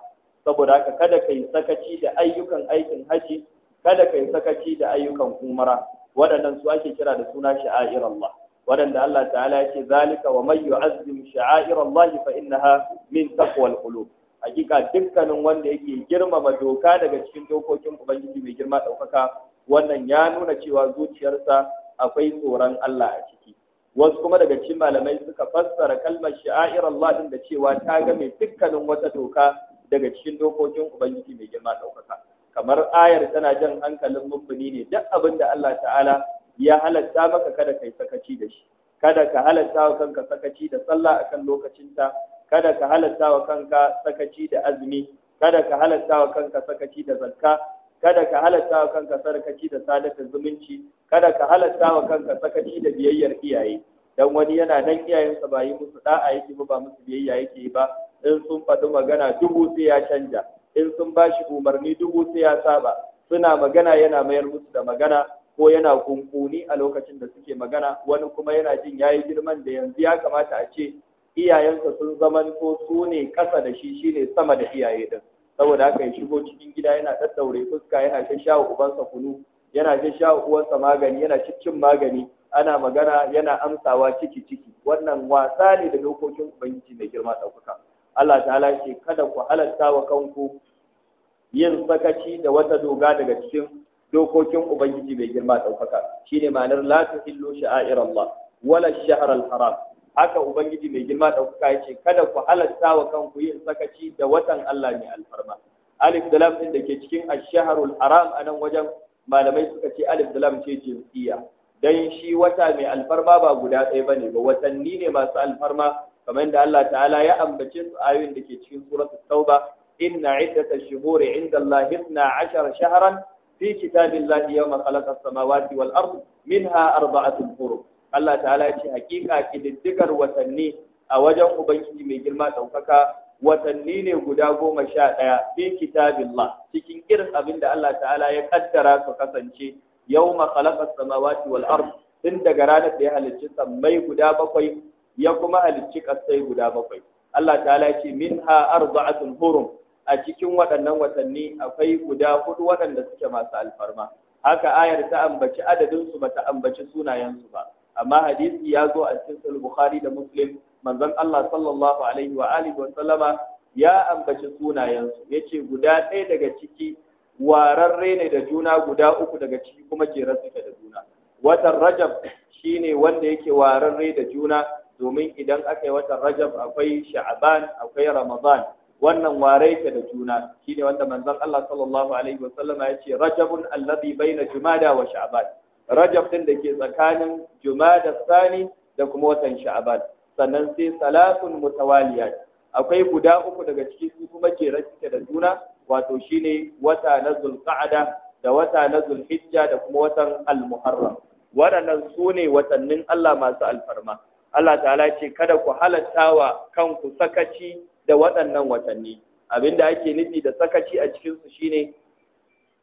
Speaker 1: saboda haka kada yi sakaci da ayyukan aikin haji kada yi sakaci da ayyukan umra waɗannan su ake kira da suna sha'air Allah waɗanda Allah ta'ala ya ce zalika wa mai yu'azzim sha'air Allah fa innaha min taqwal qulub hakika dukkanin wanda yake girmama doka daga cikin dokokin ubangiji mai girma ɗaukaka wannan ya nuna cewa zuciyarsa akwai tsoron Allah a ciki wasu kuma daga cikin malamai suka fassara kalmar sha'ir Allah din da cewa ta ga mai dukkanin wata doka daga cikin dokokin ubangiji mai girma ɗaukaka kamar ayar tana jan hankalin mummuni ne duk abin da Allah ta'ala ya halatta maka kada kai sakaci da shi kada ka halatta kanka sakaci da sallah akan lokacinta kada ka halatta wa kanka sakaci da azumi kada ka halatta wa kanka sakaci da zakka kada ka halatta wa kanka sakaci da sadaka zumunci kada ka halatta wa kanka sakaci da biyayyar iyaye dan wani yana nan iyayensa ba yi musu da'a yake ba musu biyayya yake ba in sun faɗi magana dubu sai ya canja in sun bashi shi umarni dubu sai ya saba suna magana yana mayar musu da magana ko yana kunkuni a lokacin da suke magana wani kuma yana jin yayi girman da yanzu ya kamata a ce iyayensa sun zama ko su ne kasa da shi shi ne sama da iyaye din saboda haka ya shigo cikin gida yana daddaure fuska yana shan shashawa ubansa kunu yana shan shashawa uwansa magani yana cikin magani ana magana yana amsawa ciki ciki wannan wasa ne da dokokin ubangiji mai girma ɗaukaka Allah ta'ala ce kada ku halatta wa kanku yin sakaci da wata doga daga cikin dokokin ubangiji mai girma ɗaukaka shine ma'anar la tuhillu sha'air Allah wala shahr al-haram haka ubangiji mai girma ɗaukaka ya ce kada ku halatta wa kanku yin sakaci da watan Allah ne alfarma alif da lam din da ke cikin ash-shahrul haram anan wajen malamai suka ce alif da lam ce jinsiya dan shi wata mai alfarma ba guda ɗaya bane ba watanni ne masu alfarma kamar yadda Allah ta'ala ya ambace su ayoyin da ke cikin suratul tauba inna iddatash shuhuri inda Allah 12 shahran fi kitabillahi yawma khalaqa samawati wal ard minha arba'atun hurum Allah ta'ala ya ce hakika kididdigar watanni a wajen ubangiji mai girma ɗaukaka watanni ne guda goma sha ɗaya fi kitabillah cikin irin abin da Allah ta'ala ya kaddara su kasance yawma khalaqa samawati wal ard tun daga ranar da ya halicci sammai guda bakwai ya kuma halicci kasai guda bakwai Allah ta'ala ya ce minha arba'atul hurum a cikin waɗannan watanni akwai guda hudu waɗanda suke masu alfarma haka ayar ta ambaci adadinsu ba ta ambaci sunayensu ba amma hadisi ya zo a cikin bukhari da muslim manzon Allah sallallahu alaihi wa alihi wa sallama ya ambaci sunayensu yace guda ɗaya daga ciki wararre ne da juna guda uku daga ciki kuma jerar suke da juna watan rajab shine wanda yake wararre da juna domin idan aka yi watan rajab akwai sha'ban akwai ramadan wannan warai da juna shine wanda manzon Allah sallallahu alaihi wa sallama yace rajabun alladhi baina jumada wa sha'ban rajab din da ke tsakanin da sani da kuma watan sha'aban sannan sai salatun mutawaliyat akwai guda uku daga ciki su kuma ke da juna wato shine wata na zulqa'ada da wata na zulhijja da kuma watan Al-Muharram. waɗannan su ne watannin Allah masu alfarma Allah ta'ala ce kada ku halatta wa kanku sakaci da waɗannan watanni abinda ake nufi da sakaci a cikinsu shine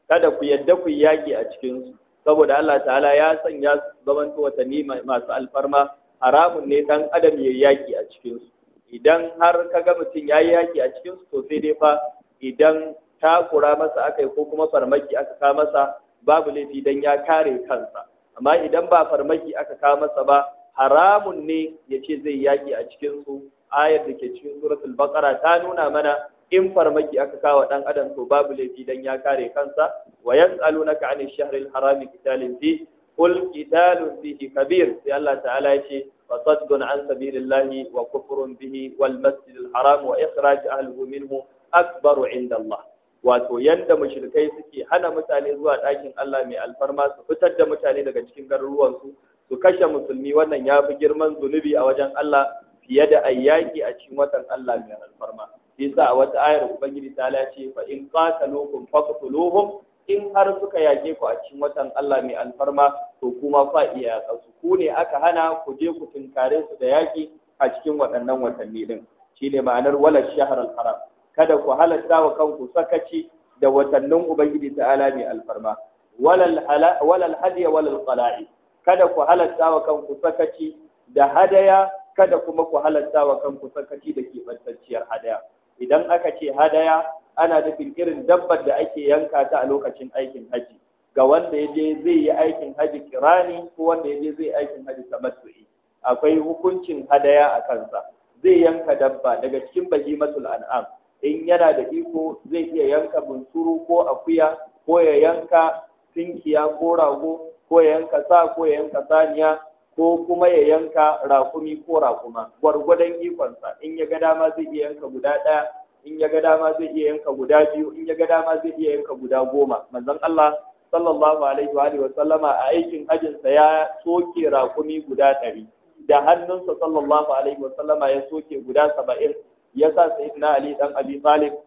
Speaker 1: kada ku yadda ku yaki a cikinsu saboda Allah ta'ala ya sanya su zamanto watanni masu alfarma haramun ne dan adam ya yaki a cikin su idan har kaga mutum ya yi yaki a cikin su to sai dai fa idan takura masa aka yi ko kuma farmaki aka ka masa babu laifi dan ya kare kansa amma idan ba farmaki aka ka masa ba haramun ne ya ce zai yaki a cikin su ayar da ke cikin suratul baqara ta nuna mana in farmaki aka kawo dan adam to babu laifi dan ya kare kansa wa yas'alunaka 'anil shahril harami qitalin fi qul qitalun fihi kabir sai Allah ta'ala yace wa saddun an sabilillahi wa kufrun bihi wal masjidil haram wa ikhraj ahlihi minhu akbaru 'inda Allah wato yanda mushrikai suke hana mutane zuwa ɗakin Allah mai alfarma su fitar da mutane daga cikin garuruwansu su kashe musulmi wannan ya fi girman zunubi a wajen Allah fiye da ayyaki a cikin watan Allah mai alfarma yasa a wata ayar ubangiji ta ce fa in qataluhum faqtuluhum in har suka yake ku a cikin watan Allah mai alfarma to kuma fa iya kasu. ku ne aka hana ku je ku tinkare su da yaki a cikin waɗannan watanni din shine ma'anar wala shahr al haram kada ku halatta wa kanku sakaci da watannin ubangiji ta'ala mai alfarma walal hadiya walal qala'i kada ku halatta wa kanku sakaci da hadaya kada kuma ku halatta wa kanku sakaci da kebantacciyar hadaya idan aka ce hadaya ana nufin irin dabbar da ake yanka ta a lokacin aikin haji ga wanda ya je zai yi aikin haji kirani ko wanda ya je zai aikin haji tamattu'i akwai hukuncin hadaya a kansa zai yanka dabba daga cikin bahimatul an'am in yana da iko zai iya yanka bunsuru ko akuya ko ya yanka tinkiya ko rago ko ya yanka sa ko ya yanka saniya ko kuma ya yanka rakumi ko rakuma gwargwadon ikonsa in ya ga dama zai iya yanka guda ɗaya in ya ga dama zai iya yanka guda biyu in ya ga dama zai iya yanka guda goma manzon Allah sallallahu alaihi wa alihi wa sallama a aikin sa ya soke rakumi guda ɗari da hannunsa sallallahu alaihi wa sallama ya soke guda saba'in ya sa sayyidina Ali dan Abi Talib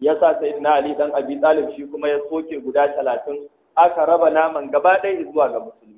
Speaker 1: ya sa sayyidina Ali dan Abi Talib shi kuma ya soke guda talatin aka raba naman gaba ɗaya zuwa ga musulmi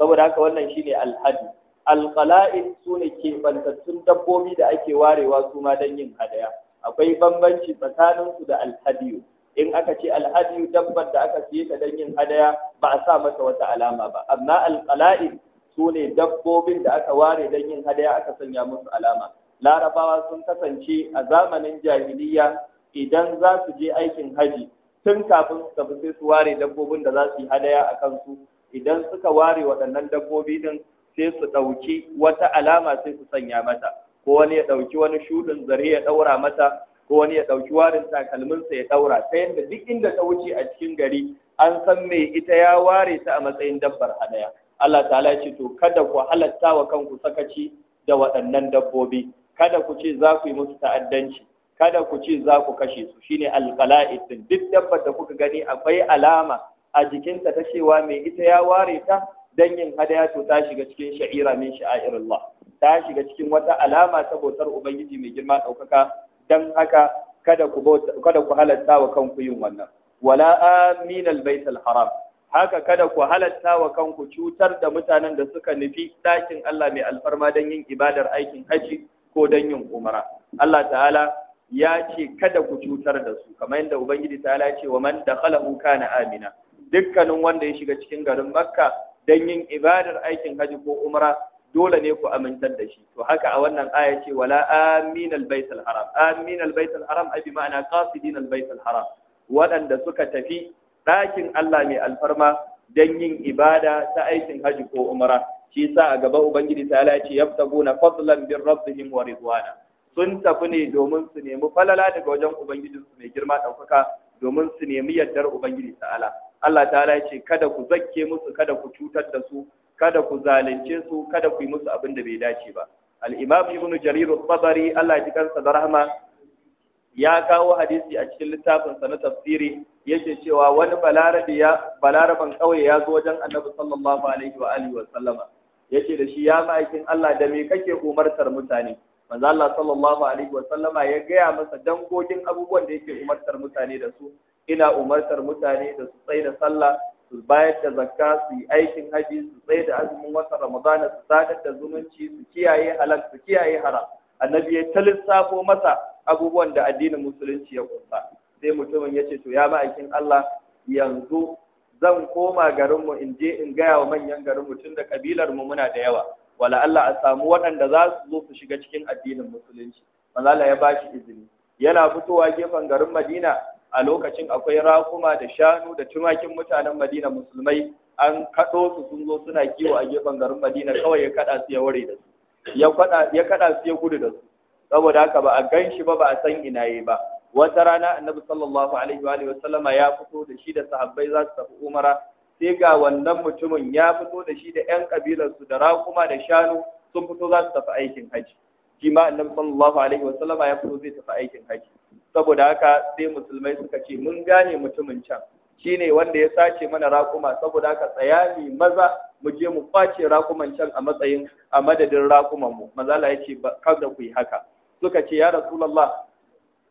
Speaker 1: saboda haka wannan shine alhadi alqala'id sune ke bantattun dabbobi da ake warewa su ma dan yin hadaya akwai bambanci tsakanin su da alhadiyu in aka ce alhadiyu dabbar da aka siye ta dan yin hadaya ba a sa masa wata alama ba amma alqala'id sune dabbobin da aka ware dan yin hadaya aka sanya musu alama larabawa sun kasance a zamanin jahiliya idan za su je aikin haji tun kafin su tafi sai su ware dabbobin da za su yi hadaya a kansu idan suka ware waɗannan dabbobi din sai su ɗauki wata alama sai su sanya mata ko wani ya ɗauki wani shuɗin zare ya ɗaura mata ko wani ya ɗauki warin takalminsa ya ɗaura ta yadda duk inda ta wuce a cikin gari an san me ita ya ware ta a matsayin dabbar hadaya Allah ta'ala ce to kada ku halatta wa kanku sakaci da waɗannan dabbobi kada ku ce za ku yi musu ta'addanci kada ku ce za ku kashe su shine alqala'id duk dabbar da kuka gani akwai alama a jikinta ta cewa mai ita ya ware ta dan yin hadaya to ta shiga cikin sha'ira min sha'airillah ta shiga cikin wata alama ta bautar ubangiji mai girma ɗaukaka dan haka kada ku kada ku halatta wa kanku yin wannan wala amin albayt haram haka kada ku halatta wa kanku cutar da mutanen da suka nufi ɗakin Allah mai alfarma don yin ibadar aikin haji ko don yin umara Allah ta'ala ya ce kada ku cutar da su kamar yadda ubangiji ta'ala ya ce wa man dakhalahu kana amina dukkanin wanda ya shiga cikin garin makka don yin ibadar aikin haji ko umara dole ne ku amintar da shi to haka a wannan aya ce wala amin albayt alharam amin albayt alharam ai bi ma'ana qasidin albayt alharam waɗanda suka tafi ɗakin Allah mai alfarma don yin ibada ta aikin haji ko umara shi sa a gaba ubangiji ta ya ce yabtaguna fadlan bir rabbihim wa ridwana sun tafi ne domin su nemi falala daga wajen ubangijinsu mai girma ɗaukaka domin su nemi yardar ubangiji ta ta'ala Allah ta'ala ya ce kada ku zakke musu kada ku cutar da su kada ku zalunce su kada ku yi musu abin da bai dace ba al-imam ibnu jarir al-tabari Allah ya ji da rahma ya kawo hadisi a cikin littafin sa na tafsiri yake cewa wani balarabi ya balaraban kauye ya zo wajen annabi sallallahu alaihi wa alihi wa sallama yace da shi ya ma'aikin Allah da me kake umartar mutane manzo Allah sallallahu alaihi wa sallama ya gaya masa dangogin abubuwan da yake umartar mutane da su ina umartar mutane da su tsaye da sallah su bayar da zakka su yi aikin haji su tsaye da azumin wata ramadana su sadar da zumunci su kiyaye halal su kiyaye haram annabi ya ta lissafo masa abubuwan da addinin musulunci ya kunsa sai mutumin ya ce to ya ma'aikin Allah yanzu zan koma garinmu in je in gaya wa manyan garinmu Tunda da kabilar mu muna da yawa wala Allah a samu waɗanda za su zo su shiga cikin addinin musulunci manzala ya bashi izini yana fitowa gefen garin Madina a lokacin akwai raƙuma da shanu da tumakin mutanen Madina musulmai an kaɗo su sun zo suna kiwo a gefen garin Madina kawai ya kaɗa su ya ware da su ya kaɗa su ya gudu da su saboda haka ba a gan shi ba ba a san ina yi ba wata rana annabi sallallahu alaihi wa sallama ya fito da shi da sahabbai za su tafi umara sai ga wannan mutumin ya fito da shi da ƴan su da raƙuma da shanu sun fito za su tafi aikin haji shi ma annabi sallallahu alaihi wa sallama ya fito zai tafi aikin haji saboda haka sai musulmai suka ce mun gane mutumin can Shi ne wanda ya sace mana raƙuma saboda haka tsaya ne maza mu je mu kwace raƙuman can a matsayin a madadin raƙuman mu maza Allah ya ce kada ku yi haka suka ce ya rasulullah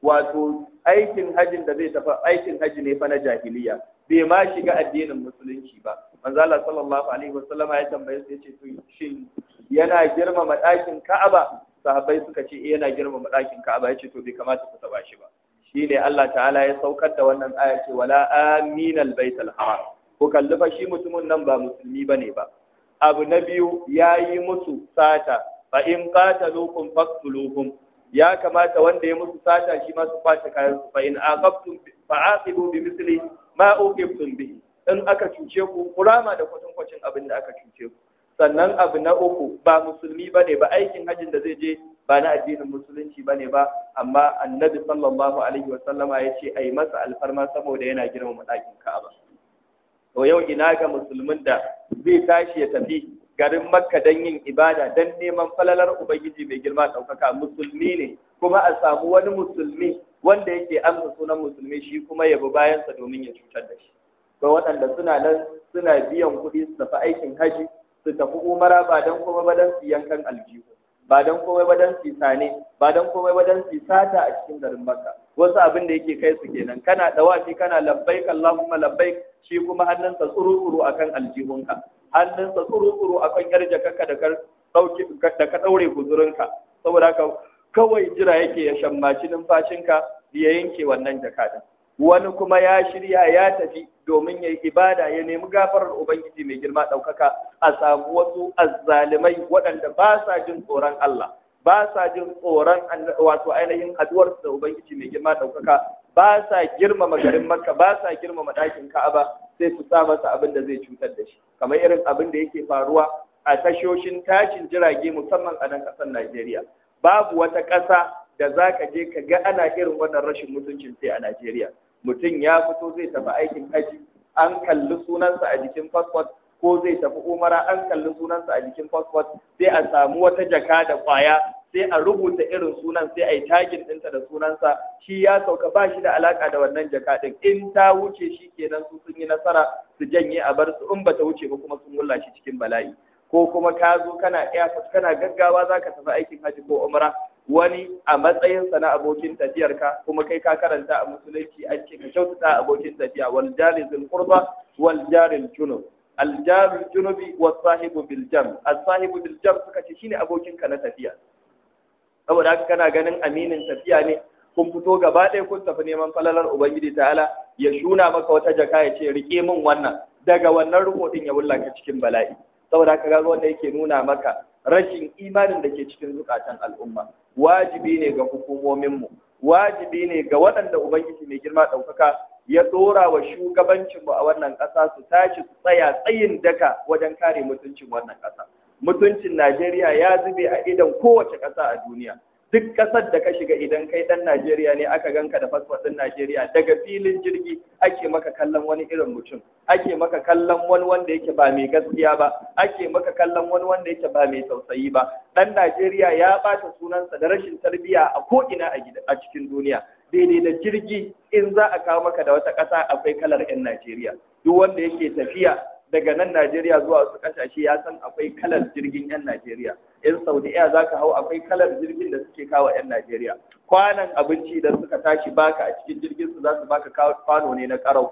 Speaker 1: wato aikin hajin da zai tafi aikin haji ne fa na jahiliya bai ma shiga addinin musulunci ba manzo Allah sallallahu alaihi wasallama ya tambaye su yace to shin yana girmama ɗakin Ka'aba sahabbai suka ce eh, yana girmama ɗakin Ka'aba ce to bai kamata ku taba shi ba Shi ne Allah ta'ala ya saukar da wannan aya ce wala aminal baitul haram ko kalli fa shi mutumin nan ba musulmi bane ba abu na biyu yayi musu sata fa in qataluukum faqtuluhum ya kamata wanda ya musu sata shi ma su kwace kayan su fa in aqabtum fa aqibu bi misli ma uqibtum bi in aka cuce ku kurama da kwatankwacin abin da aka cuce ku sannan abu na uku ba musulmi bane ba aikin hajjin da zai je ba na addinin musulunci bane ba amma annabi sallallahu alaihi wasallama ya ce a yi masa alfarma saboda yana girmama ɗakin Ka'aba to yau ina ga musulmin da zai tashi ya tafi garin makka don yin ibada don neman falalar ubangiji mai girma ɗaukaka musulmi ne kuma a samu wani musulmi wanda yake amsa sunan musulmi shi kuma ya bi bayansa domin ya cutar da shi ga waɗanda suna nan suna biyan kuɗi su tafi aikin haji su tafi umara ba don komai ba don su yankan aljihu ba don komai ba don su sane ba don komai ba don su sata a cikin garin maka wasu abin da yake kai su kenan kana shi kana labbaik allahumma labbaik shi kuma hannunsa tsuru-tsuru akan aljihunka hannunsa tsuru-tsuru akan yar jakarka da ka ɗaure guzurinka saboda kawai jira yake ya shammaci numfashinka ya yanke wannan jaka wani kuma ya shirya ya tafi domin ya yi ibada ya nemi gafarar ubangiji mai girma ɗaukaka a samu wasu azzalimai waɗanda ba sa jin tsoron Allah ba sa jin tsoron wato ainihin haduwar da ubangiji mai girma ɗaukaka ba sa girmama garin makka ba sa girmama ɗakin ka'aba sai su sa masa abin da zai cutar da shi kamar irin abin da yake faruwa a tashoshin tashin jirage musamman a nan ƙasar Najeriya babu wata ƙasa da za ka je ka ga ana irin wannan rashin mutuncin sai a Najeriya mutum ya fito zai tafi aikin haji an kalli sunansa a jikin fasfot ko zai tafi umara an kalli sunansa a jikin fasfot sai a samu wata jaka da kwaya sai a rubuta irin sunan sai a yi tagin ɗinta da sunansa shi ya sauka ba shi da alaƙa da wannan jaka ɗin in ta wuce shi kenan su sun yi nasara su janye a bar su in bata wuce ba kuma sun wulla shi cikin bala'i ko kuma ka zo kana kana gaggawa za ka tafi aikin hajji ko umara? wani a matsayinsa na abokin tafiyarka kuma kai ka karanta a musulunci a ce kyautata abokin tafiya wal jari qurba wal jari junub al jari junubi wa sahibu bil jam al sahibu bil jam suka ce shine abokin ka na tafiya saboda haka kana ganin aminin tafiya ne kun fito gaba ɗaya kun tafi neman falalar ubangiji ta'ala ya shuna maka wata jaka ya ce rike min wannan daga wannan ruko ya wulla ka cikin bala'i saboda haka ga wanda yake nuna maka rashin imanin da ke cikin zukatan al'umma wajibi ne ga hukumominmu wajibi ne ga waɗanda ubangiji mai girma ɗaukaka ya ɗora wa shugabancinmu a wannan ƙasa su tashi su tsaya tsayin daka wajen kare mutuncin wannan ƙasa mutuncin najeriya ya zube a idan kowace ƙasa a duniya duk ƙasar da ka shiga idan kai ɗan Najeriya ne aka ganka da fasfot ɗin Najeriya daga filin jirgi ake maka kallon wani irin mutum ake maka kallon wani wanda yake ba mai gaskiya ba ake maka kallon wani wanda yake ba mai tausayi ba ɗan Najeriya ya ɓata sunansa da rashin tarbiyya a ko'ina a cikin duniya daidai da jirgi in za a kawo maka da wata ƙasa akwai kalar 'yan Najeriya duk wanda yake tafiya daga nan Najeriya zuwa wasu ƙasashe ya san akwai kalar jirgin 'yan Najeriya yan saudiya za ka hau akwai kalar jirgin da suke kawo yan najeriya kwanan abinci idan suka tashi baka a cikin jirgin su za su baka kwano ne na karau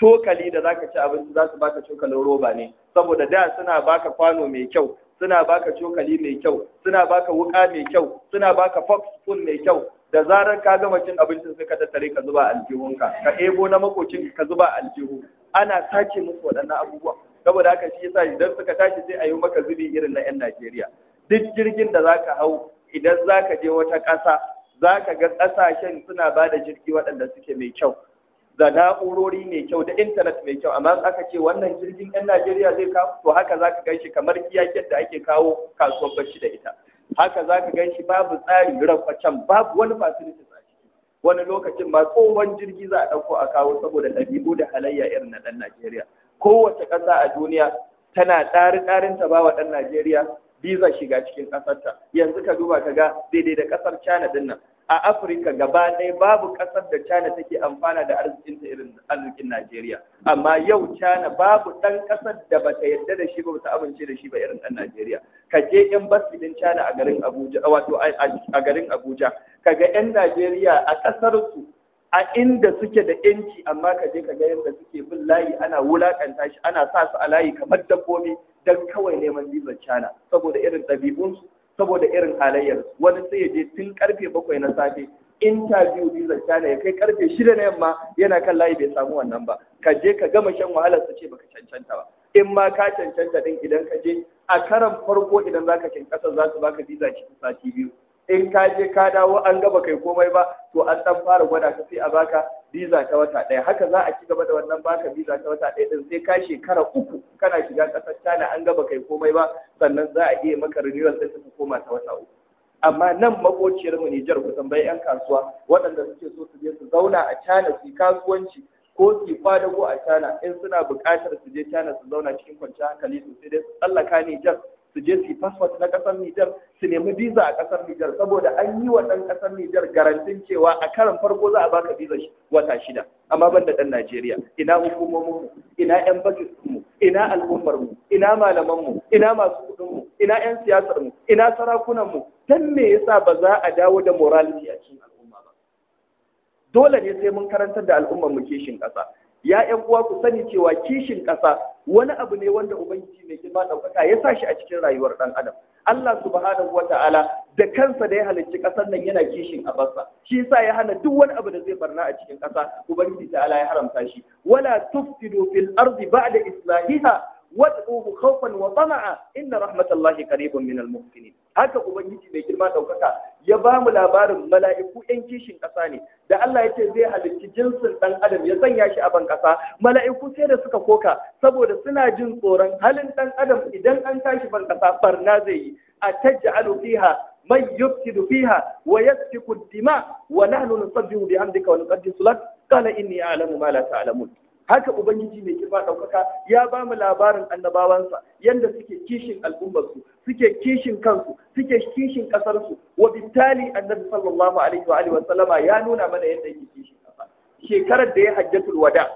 Speaker 1: cokali da za ka ci abinci za baka cokalin roba ne saboda da suna baka kwano mai kyau suna baka cokali mai kyau suna baka wuka mai kyau suna baka fox spoon mai kyau da zarar ka gama cin abincin sai ka tattare ka zuba aljihunka ka ebo na makocin ka zuba aljihu ana sace musu waɗannan abubuwa saboda haka shi yasa idan suka tashi sai a yi maka zubi irin na 'yan Najeriya duk jirgin da zaka hau idan zaka je wata ƙasa zaka ga ƙasashen suna ba da jirgi waɗanda suke mai kyau da na'urori mai kyau da intanet mai kyau amma aka ce wannan jirgin 'yan Najeriya zai kawo to haka zaka gan shi kamar kiyakin da ake kawo kasuwar bacci da ita haka zaka gan shi babu tsari rakwacen babu wani facility a ciki wani lokacin ma tsohon jirgi za a ɗauko a kawo saboda ɗabi'u da halayya irin na ɗan Najeriya kowace ƙasa a duniya tana ɗari ɗarin ta ba wa ɗan Najeriya biza shiga cikin ƙasarta yanzu ka duba ka ga daidai da ƙasar China din nan a Afirka gaba ɗaya babu ƙasar da China take amfana da arzikinta irin arzikin Najeriya amma yau China babu ɗan ƙasar da bata yadda da shi ba bata amince da shi ba irin ɗan Najeriya ka je ƴan basi China a garin Abuja wato a garin Abuja ka ga ƴan Najeriya a ƙasar su a inda suke da yanci amma ka je ka ga yadda suke bin layi ana wulakanta shi ana sa su a layi kamar dabbobi dan kawai neman bizar China saboda irin ɗabi'unsu saboda irin halayyar wani sai ya je tun karfe bakwai na safe interview bizar China ya kai karfe shida na yamma yana kan layi bai samu wannan ba ka je ka gama shan wahalar su ce baka cancanta ba in ma ka cancanta din idan ka je a karan farko idan zaka kin kasar za su baka biza cikin sati biyu in ka je ka dawo an gaba kai komai ba to an dan fara gwada ka sai a baka visa ta wata ɗaya haka za a ci gaba da wannan baka visa ta wata ɗaya din sai ka shekara uku kana shiga ƙasar China an gaba kai komai ba sannan za a iya maka renewal sai ka koma ta wata uku amma nan makociyar mu Nijar ku tambayi yan kasuwa waɗanda suke so su je su zauna a China su kasuwanci ko su kwadago a China in suna buƙatar su je China su zauna cikin kwanciyar hankali su sai dai su tsallaka Nijar su je su passport na kasar Nijar su nemi visa a kasar Nijar saboda an yi wa ɗan kasar Nijar garantin cewa a karan farko za a baka visa wata shida amma ban da ɗan Najeriya ina hukumominmu? mu ina ƴan bakin mu ina al'ummarmu? ina malaman mu ina masu kuɗin mu ina ƴan siyasar mu ina sarakunan mu dan me yasa ba za a dawo da morality a cikin al'umma ba dole ne sai mun karantar da al'ummar mu kishin ƙasa ya ƴan uwa ku sani cewa kishin ƙasa wani abu ne wanda ubangiji mai girma ɗaukaka ya sa shi a cikin rayuwar ɗan adam Allah subhanahu wa ta'ala da kansa da ya halicci ƙasar nan yana kishin a bassa shi yasa ya hana duk wani abu da zai barna a cikin ƙasa ubangiji ta'ala ya haramta shi wala tufsidu fil ardi ba'da islahiha wad'uhu khawfan wa tama'a inna rahmatallahi qaribun min al haka ubangiji mai girma daukaka ya ba mu labarin mala'iku yan kishin kasa ne da Allah ya ce zai halicci jinsin dan adam ya sanya shi a ban kasa mala'iku sai da suka koka saboda suna jin tsoron halin dan adam idan an tashi ban kasa barna zai yi a taj'alu fiha man yufsidu fiha wa yasfiku ad-dima wa nahnu nusabbihu bihamdika wa nuqaddisu lak qala inni a'lamu ma la ta'lamun haka ubangiji mai girma ɗaukaka ya ba mu labarin annabawansa yanda suke kishin al'ummarsu suke kishin kansu suke kishin ƙasarsu wa bitali annabi sallallahu alaihi wa alihi wa sallama ya nuna mana yadda yake kishin ƙasa shekarar da ya hajjatul wada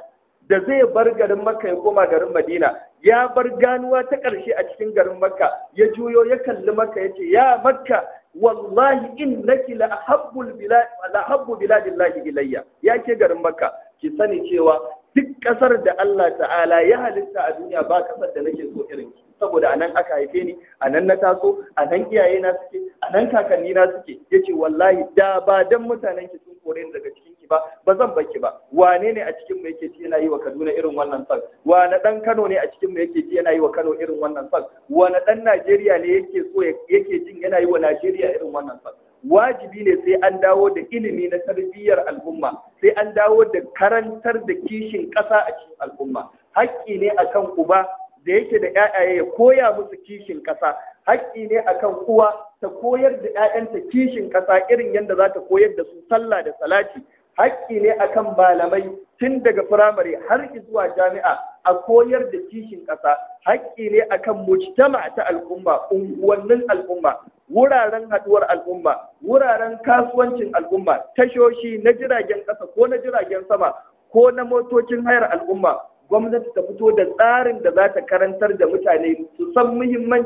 Speaker 1: da zai bar garin makka ya koma garin madina ya bar ganuwa ta ƙarshe a cikin garin makka ya juyo ya kalli makka ya ce ya makka wallahi innaki la ahabbu bilad la ahabbu biladillahi ilayya ya ke garin makka ki sani cewa duk kasar da Allah ta'ala ya halitta a duniya ba kasar da nake so irin saboda anan aka haife ni anan na taso anan iyaye na suke anan kakanni na suke yace wallahi da ba dan mutanen ki sun kore daga cikin ki ba ba zan baki ba wane ne a cikin mu yake ci yana yi wa Kaduna irin wannan san wane dan Kano ne a cikin mu yake ci yana yi wa Kano irin wannan san wane dan Najeriya ne yake so yake jin yana yi wa Najeriya irin wannan san wajibi ne sai an dawo da ilimi na tarbiyyar al'umma sai an dawo da karantar da kishin ƙasa a cikin al'umma haƙƙi ne akan uba da yake da ƴaƴaye ya koya musu kishin ƙasa haƙƙi ne akan uwa ta koyar da ƴaƴanta kishin ƙasa irin yadda za ta koyar da su sallah da salati haƙƙi ne akan malamai tun daga firamare har zuwa jami'a a koyar da kishin ƙasa haƙƙi ne akan mujtama ta al'umma unguwannin al'umma wuraren haɗuwar al'umma wuraren kasuwancin al'umma tashoshi na jiragen ƙasa ko na jiragen sama ko na motocin hayar al'umma gwamnati ta fito da tsarin da za ta karantar da mutane su san muhimmanci